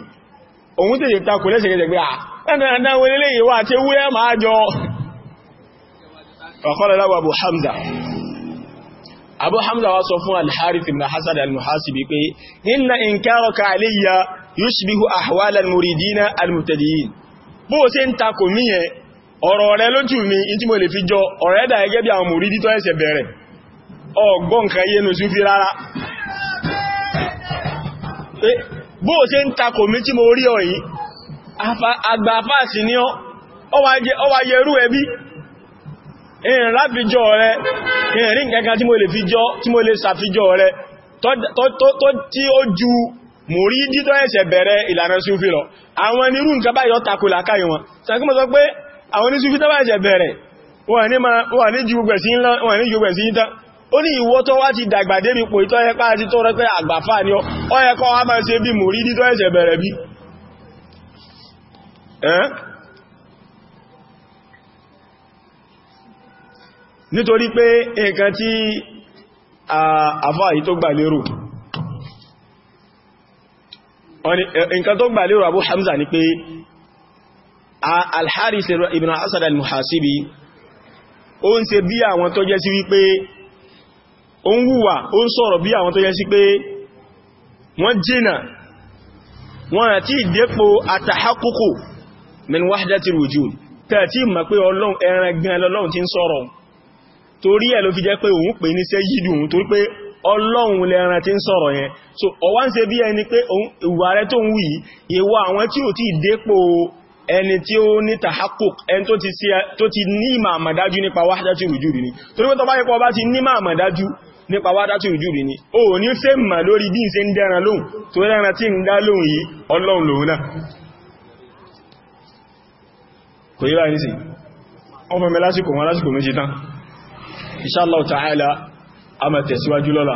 òun tèyẹ takò lẹ́sẹ̀kẹsẹ̀ pé Abu Hamza wa sọ fún al ibn Hasan al-Muhasibi "Inna in aliyya yushbihu ahwala al-muridina al-mubtadi'in bó ṣe ń takò mí yẹn ọ̀rọ̀ rẹ lójú mi in tí mo lè fi jọ ọ̀rẹ́ dà gẹ́gẹ́ bí àwọn mùrídí tó ẹsẹ̀ bẹ̀rẹ̀ ọgbọ́n nǹkan yé nu súfí rárá bó ṣe ń takò mí tí mo rí ọ̀yìn àgbàfáàsì ní ọwà yẹrú ẹbí ìrìn ráfijọ́ rẹ ìrìn nǹkan tí mo lè fi jọ tí mo lè sàfijọ́ rẹ tó tí ó ju mùrídí tó ẹ̀ṣẹ̀ bẹ̀rẹ̀ ìlànà súfí lọ àwọn onírú nǹkan báyìí ó tako làákàyè wọn sàkúmọ̀ sọ pé àwọn onísúfí tó bá ẹ̀ṣẹ̀ bẹ̀rẹ̀ wọ́n ní ju gbogbo ẹ̀sìn tán ó ní ìwọ tó wá ti dàgbà débi pò ìtọ́ ẹ̀pá àti tó rẹ́ pé àgbàfà ni ó yẹ kọ́ wá máa ṣe nítorí pé nǹkan tí àfáà yìí tó gbà lérò Eh, nǹkan tó gbà lérò Abu Hamza ni pé al-Harith ibn Asad al-Muhasibi ó ń ṣe bí àwọn tó jẹ́ sí wípé ó ń wùwà ó ń sọ̀rọ̀ bí àwọn tó jẹ́ sí pé wọ́n jìnà wọ́n àti ìdépò àtàhákùkù min wahdatil wujud tẹ́ẹ̀tí mọ̀ pé ọlọ́run ẹran gan lọ́lọ́run ti ń sọ̀rọ̀ torí ẹ̀ ló fi jẹ́ pé òun pè ní sẹ́yìdù torí pé ọlọ́run ẹran tí ń sọ̀rọ̀ yẹn so ọwá ń ṣe bí ẹni pé ìwà rẹ tó ń wù yìí ìwà àwọn tí ò tí dépò ẹni tí ó ní tahakuk ẹni tó ti ní ìmọ̀ àmàdájú nípa wáhádátì rùjúrì ni ti ní àmàdájú nípa ni ó ní mà lórí bí n ṣe ń lóhun tó tí ń dá lóhun yìí ọlọ́run lòun náà kò yíra ní sí ọmọ mi lásìkò ama máa tẹ̀síwájú lọ́la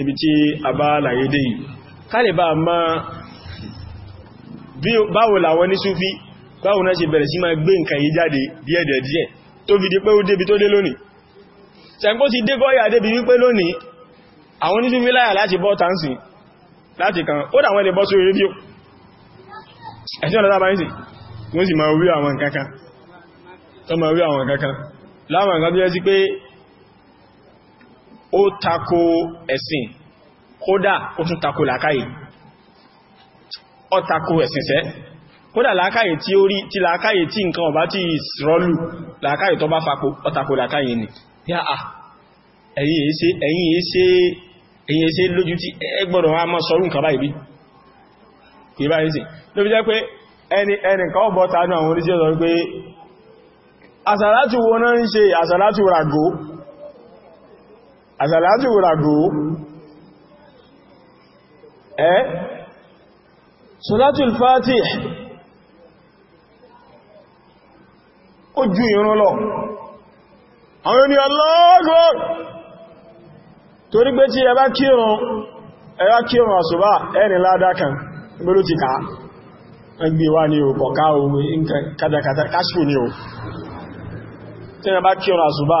ibi tí a bá láyé dé yìí kálẹ̀ bá ma báwo làwọn ní súfí báwo náà ṣe bẹ̀rẹ̀ sí máa gbé nǹkan yìí jáde díẹ̀díẹ̀ tó fi di pé ó débi tó dé lónìí ṣẹ̀kó ti dé gọ́yà débi wípé lónìí àwọn ní súfí láyà láti bọ́ tánsì láti kan ó dà wọ́n lè bọ́ sórí rédíò ẹ̀sìn ọ̀dọ́ tábáyé sí wọ́n láwọn nǹkan tó yẹ sí pé ó tako ẹ̀sìn kódà ó tún tako làákàyè ó tako ẹ̀sìn sẹ́ kódà làákàyè tí ó rí tí làákàyè tí nǹkan ọba tí ìsìrọ́lù làákàyè tó bá fapò ó tako làákàyè ni yá à ẹ̀yìn èéṣe ẹ̀yìn èéṣe ẹ̀yìn èéṣe lójú tí ẹgbọ́dọ̀ wá mọ́ sọrún kan báyìí bí kì báyìí sí ló fi jẹ́ pé ẹni ẹnìkan ọ̀bọ̀ tanú àwọn oníṣẹ́ sọ pé àsàlátù wọn náà ń ṣe àsàlátù ràgó As Alhaji would agree, eh? Salatul Fatih ó ju ìrun lọ. Àwọn ènìyàn lọ́gbọ́ torí pé tí ẹbá kírun, ẹbá kírun àṣùbá ẹni ládákan, ìgbèrú ti ká. Ẹgbẹ̀ wá ní òpọ̀ ká òun kádàkátà káṣù ní ò. Tí ẹbá kírun àṣùbá,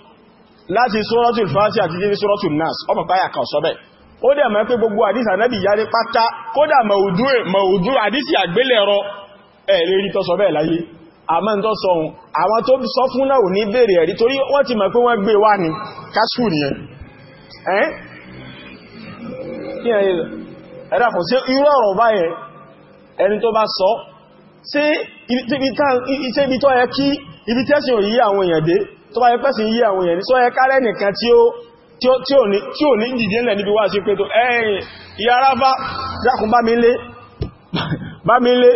láti suratul Fatiha àti jírí suratul Nas ọmọ páyà kan sọ́bẹ̀ ó dẹ̀ mọ́ pé gbogbo àdísì ànábì yáre pátá kódà mọ̀ọ̀dú àdísì àgbélẹ̀rọ ẹ̀rẹ́ rí tọ́ sọ́bẹ̀ láyé àmọ́ tó sọ ohun àwọn tó sọ fún náà ò ní bèèrè ẹ̀rí torí wọ́n ti mọ̀ pé wọ́n gbé wá ní káṣù nìyẹn ẹ́ ẹ̀rẹ́ àpọ̀ sí irú ọ̀rọ̀ báyẹn ẹni tó bá sọ sí ibi tẹ́ tó bá yẹ pẹ́sìn yí àwọn èèyàn ní sọ ẹkárẹ́ nìkan tí ò ní jìdínlẹ̀ níbi wá sí pé tó ẹ̀yìn ìyára bá dákùn bá mi lé bá mi lé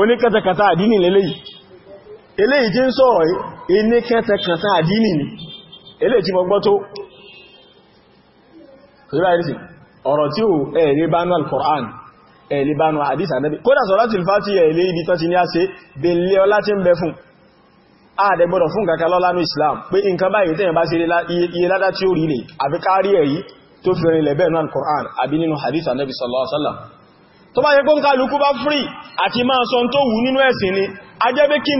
oníkẹtẹkẹta àdínì lélẹ́yìí eléyìí tí ń sọ̀rọ̀ iníkẹtẹkẹta àdínì ni eléyìí tí mo al-Qur'an ẹ̀rí bánú hadith ànábì kódà sọ̀rọ̀ tí ìfà tí ẹ̀rí ibi tán ti ní á se àdẹ̀gbọ́dọ̀ fún kankan lọ́lá ní Islam pé nǹkan báyìí tẹ́yàn bá ṣe iye ládá tí ó rí lè àbí kárí ẹ̀rí tó fi rìnlẹ̀ bẹ́ẹ̀ náà Qur'an àbí nínú hadith anabi sallallahu alaihi wasallam tó bá yẹ kó ń ká lukú bá frí àti máa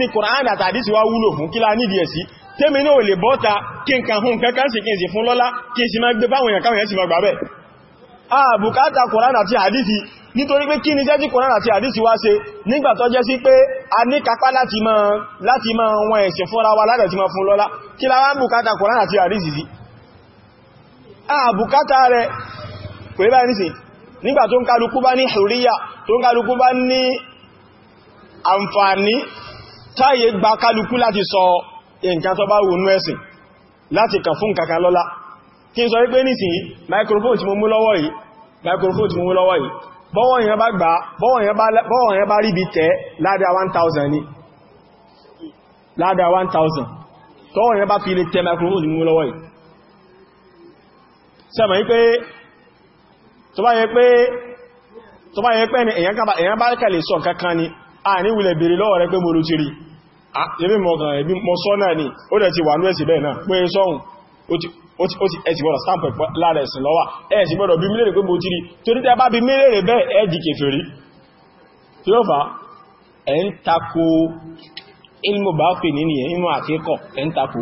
ni Qur'an àti hadith wá wúlò fún kí la nídìí ẹ̀sí tẹ́mi náà lè bọ́ta kí n kan hún kankan sí kí n sì fún lọ́lá kí n Qur'an àti hadith nítorí pé kí ni jẹ́ tí Kùránì àti àdísì wá ṣe nígbà tó jẹ́ sí pé a ní kápá láti mọ́ wọn ẹ̀sìn fúnra wa láti mọ́ fún lọ́lá kí la wá bùkátà Kùránì àti àdísì sí àbùkátà rẹ̀ kò yí báyìí nìsìn nígbà tó ń kálukú bá ní hùríyà tó ń kálukú bá ní àǹfààní táyé gba kálukú láti sọ nǹkan tó bá wù nú ẹ̀sìn láti kàn fún kankan lọ́lá kí n sọ wípé nìsìn microphone tí mú lọ́wọ́ yìí microphone tí mú lọ́wọ́ yìí bọ́wọ̀n yẹn bá gbà bọ́wọ̀n yẹn bá rí bí tẹ́ ládá 1000 ní ládá 1000 tọ́wọ̀n yẹn bá fi lè tẹ́ microphone ní lọ́wọ́ yìí sẹ́mọ̀ yí pé tó bá yẹ pé tó bá yẹ pé ní èyàn bá kẹlẹ̀ sọ kankan ni a ní wulẹ̀ bèèrè lọ́wọ́ rẹ pé mo ló ti rí ẹ̀sì gbọ́dọ̀ stamp lára ẹ̀sìn lọ́wà ẹ̀sì gbọ́dọ̀ bí mílèrè pé mo ti rí torí tẹ́ bá bí mílèrè bẹ́ẹ̀ ẹ̀dì kèfèrí tí ó fà ẹ̀ ń takò ilmò bá pè ní nìyẹn inú àkíkọ̀ ẹ̀ ń takò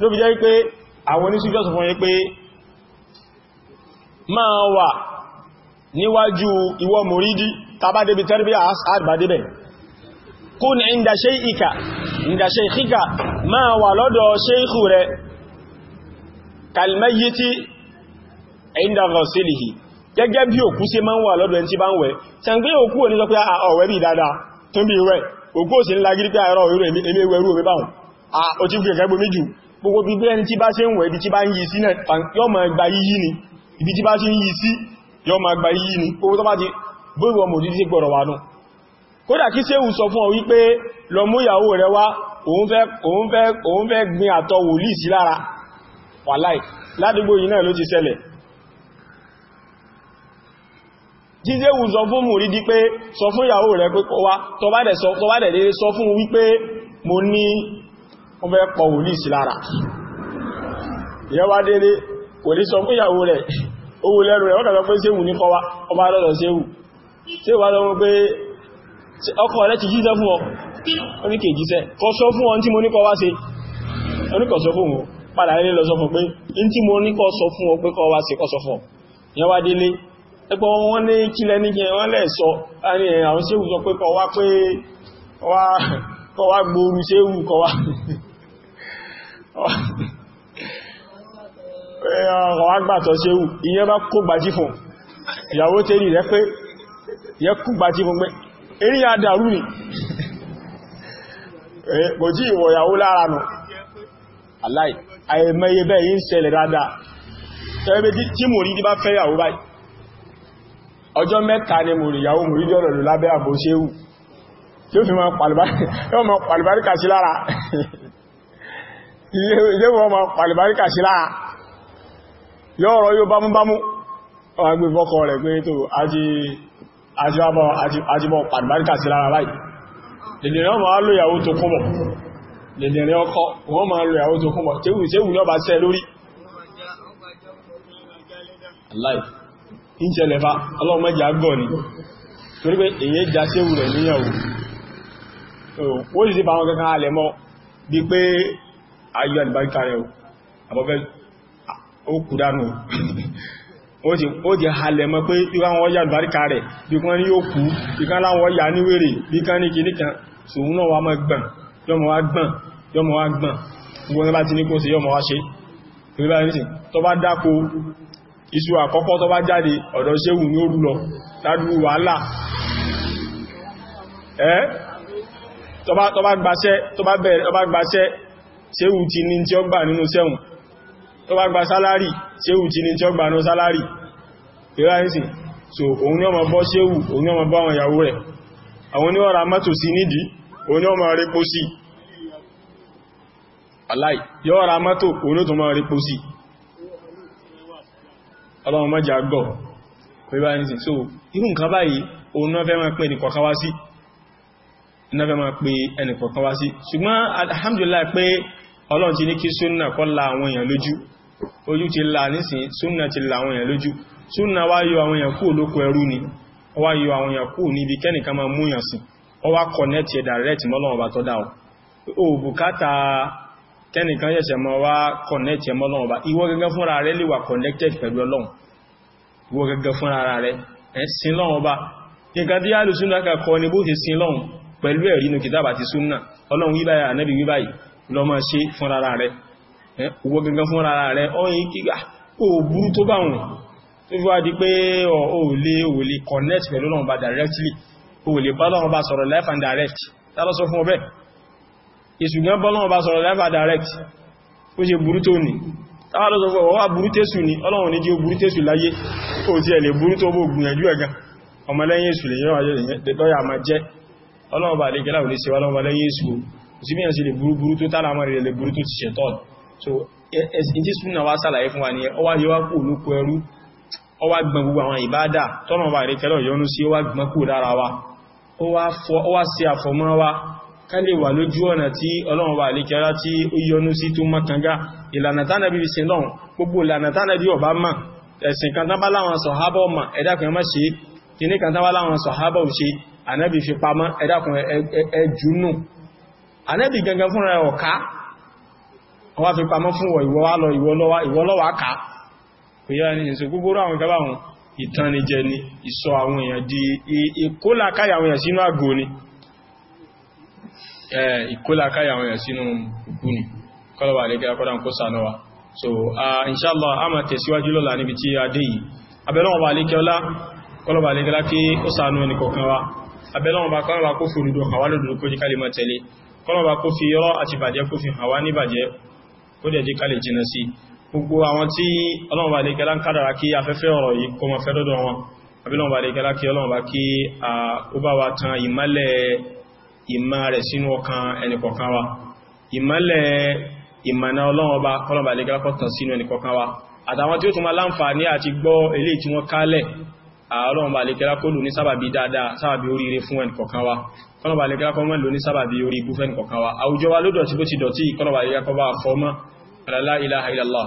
ló fi jẹ́ pé àwọn oníṣújọ́ sọ kalmayiti inda ghasilihi gẹ́gẹ́ bí òkú ṣe máa ń wà lọ́dọ̀ ẹni tí bá ń wẹ̀ tẹ̀gbé òkú ò ní sọ pé ah, ah, ọ̀wẹ́ bí dáadáa tún bí wẹ̀ òkú ò sí ńlá gírí pé àárọ̀ ah, ìrò èmi wẹ̀rú omi báhùn ó ti gẹ̀gẹ́ bomi jù gbogbo bí bí ẹni tí bá ṣe ń wẹ̀ ibi tí bá fún ọ wípé wàláì ládùúgbò yìí náà ló ti ṣẹlẹ̀ jíjẹ́wù sọ fún múrí di pé sọ fún ìyàwó rẹ̀ pé kọwa tó bá dẹ̀ lè sọ fún wípé mo ní wọ́n fẹ́ pọ̀ wòlí sí lára ìyẹ́wà délé kò lè sọ fún ìyàwó rẹ̀ owó lẹ́rù rẹ̀ wọ́n kàtọ́ pé séwù ní kọwa ọba lọ́dọ̀ séwù séwù wá lọ́wọ́ pé ọkọ rẹ̀ ti jíṣẹ́ fún ọ oníkèjíṣẹ́ kọ sọ fún ọ tí mo ní kọwa ṣe oníkọ̀ sọ fún wọn padà rẹ̀ lọ sọ fún pé in tí mo ní kọ́ sọ fún ọ pé kọ́ wá sí kọ́ sọ fún yẹn wá délé ẹgbọ́ wọn ní kílẹ̀ ní kílẹ̀ wọ́n lẹ̀ sọ àwọn séwù sọ pé kọ́ wá pé kọ́ wá gbóoru séwù kọ́ wá *laughs* gbàtọ̀ séwù ìyẹn bá kó gbají fún ìyàwó tẹ́lì rẹ̀ pé yẹ kú gbají fún pé eré ya dàrú ni *laughs* kò jí ìwọ̀ ìyàwó lára nù aláì àìmọye bẹ́ẹ̀ yìí ń ṣẹlẹ̀ dáadáa tẹ́lẹ̀ tí mò rí bá fẹ́ yàwó báyìí ọjọ́ mẹ́ta ni mò rí yàwó mò rí jọ́rọ̀ lò lábẹ́ àbòṣéwù tí ó fi máa pàlùbáríkà sí lára ilé wọn máa pàlùbáríkà sí lára yóò rọ yóò bámúbámú ọwà gbé fọ́kọ rẹ̀ pé tó ajíbọ̀ pàlùbáríkà sí lára báyìí dẹ̀dẹ̀rẹ̀ ọkọ̀ wọ́n máa rẹ̀ àwọn tó kún bọ̀ tẹ́wù ìṣẹ́wù ní ọba ṣẹ́ lórí life in ṣẹlẹ̀fà ọlọ́mọjà gọ̀ ni torí pé èyẹ já ṣẹ́wù rẹ̀ níyàwó ó sì bá wọn kankan alẹ̀ mọ́ bí pé ayé àdìbáríkà rẹ̀ àbọ́fẹ́ ó kù dánú ó ti halẹ̀ mọ́ pé ìwọ́n wọ́n yà àdìbáríkà rẹ̀ bí yọmọ wá gbọ́n yọmọ wá gbọ́n gbogbo ẹbá ti ní kó ṣe yọmọ wá ṣe ìrìnlẹ̀ ìrìnlẹ̀ tó bá dákó iṣu àkọ́kọ́ tó bá jáde ọ̀dọ̀ ṣéhù ní òru lọ ládùú wàhálà ẹ́ tó bá gbaṣẹ́ ṣéhù ti ní tí ó gbà nínú sẹ́hùn tó bá gba ti ní tí ó gbà nínú sálárì oní ọmọ rẹ̀ pọ́ sí aláì yọ́ ra mọ́tò oní tó mọ́ rẹ̀ sí ọlọ́run mọ́jà gọ̀ pẹ̀lú àìsìn so irú nǹkan báyìí òun náà fẹ́ máa pè ẹnìkọ̀ọ̀kan wá sí náà fẹ́ máa pè ẹnìkọ̀ọ̀kan wá sí ṣùgbọ́n alhamdulillah pé ọlọ́run ti ní kí súnnà kọ́ la àwọn èèyàn lójú ojú ti la nísìn súnnà ọ wá connect ẹ̀ direct mọ́lọ́wọ́ bá tọ́ dá ọ o bùkátà tẹ́nìkan yẹ̀ṣẹ̀ mọ́ wá connect ẹ̀ mọ́lọ́wọ́ bá ìwọ gẹ́gẹ́ fúnra rẹ lè wà connected pẹ̀lú ọlọ́run ìwọ gẹ́gẹ́ fúnra rẹ ẹ̀ sin lọ́wọ́ bá nǹkan tí yálù súnà kà kọ ni bó ṣe sin lọ́run pẹ̀lú ẹ̀rí inú kìtàbà ti súnà ọlọ́run wíbáyà ànábì wíbáyì lọ́mọ ṣe fúnra rẹ ìwọ gẹ́gẹ́ fúnra rẹ ah, connect pẹ̀lú ọlọ́run directly o lè bọ́lọ́wọ́ bá sọ̀rọ̀ life and direct tàbí sọ fún ọbẹ̀ ìṣùgbọ́n bọ́lọ́wọ́ bá sọ̀rọ̀ life and direct ó ṣe burú tó ní tàbí sọ fún ọwọ́ burú tẹ́sù ní ọlọ́run ní jí ó burú tẹ́sù láyé ó ti ẹ̀lẹ̀ burú tó bó gbìyànjú ẹ̀gá ọmọlẹ́yìn èṣù lè yọ́ àmà jẹ́ ọlọ́run bá lè gẹ́lá ò lè ṣe wá lọ́mọlẹ́yìn èṣù sí bí so ìdí súnà wá sàlàyé fún wa ní ọwá yíwá kú olóko ẹrú ọwá gbọmgbogbo àwọn ìbádà tọ́nà bá rẹ̀ kẹ́lọ̀ yọnú sí ọwá gbọmgbogbo dára wa ó wá sí àfọ̀mọ́ wa ká lè wà lójú ọ̀nà tí ọlọ́run wà lè kẹra tí ó yọnú sí tó mọ́kànga ìlànà tánàbí fi sin lọ́run gbogbo ìlànà tánàbí ọba mọ̀ ẹ̀sìn kan tán bá láwọn sọ̀hábọ̀ ọmọ ẹ̀dàkùn ẹmọ́ ṣe kìní kan tán bá láwọn sọ̀hábọ̀ ṣe ànábì fi pamọ́ ẹ̀dàkùn ẹjùnù ànábì gangan fúnra ẹ̀ ọ̀ká wọ́n fi pamọ́ fún ìwọ ìwọ lọ́wọ́ ìwọ lọ́wọ́ ìtànnijẹ ni ìsọ àwọn èèyàn di ìkólàkáyà àwọn èèyàn sínú àgò ni ìkólàkáyà àwọn èèyàn sínú òkú ni kọlọ̀wà lẹ́gẹ́ kọ́dán kó sànọ́wà so inṣáàlá a máa tẹ̀síwájú lọ́la níbi tí a dé yìí abẹ́lọ́wọ̀bà lẹ́gẹ́lá kí ó sànú ẹni kọ̀kan wa abẹ́lọ́wọ̀bà kọ́lọ̀wà kó fi òdòdó hàn wá lòdòdó kó jí kálẹ̀ mọ́ gbogbo àwọn tí Ọlọ́run bá lè kẹ́lá ń kádàrá kí afẹ́fẹ́ ọ̀rọ̀ yìí kó mọ̀ fẹ́ lọ́dọ̀ wọn abílọ́run bá lè kẹ́lá kí Ọlọ́run bá kí ó bá wa tan ìmọ́lẹ̀ ìmá rẹ̀ sínú ọkàn ẹnìkọ̀ọ̀kan wa ìmọ́lẹ̀ ìmọ̀nà Ọlọ́run bá Ọlọ́run bá lè kẹ́lá kó tàn sínú ẹnìkọ̀ọ̀kan wa àtàwọn tí ó tún máa láǹfààní àti gbọ́ eléyìí tí wọ́n kálẹ̀ kọ́nà lò ní sábàbí orí ibú fẹ́nìkọ̀ọ̀kan wa àwùjọ wa ló dọ̀tí bó ti dọ̀tí kọ́nà bá lè kẹ́lá kó fọ́ mọ́ la ilaha illallah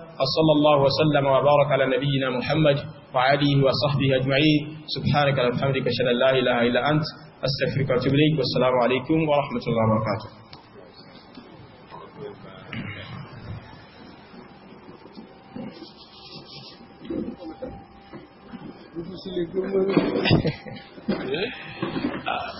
وصلى الله وسلم وبارك على نبينا محمد وعليه وصحبه أجمعين سبحانك اللهم وبحمدك أشهد أن لا إله إلا أنت أستغفرك وأتوب إليك والسلام عليكم ورحمة الله وبركاته Thank you.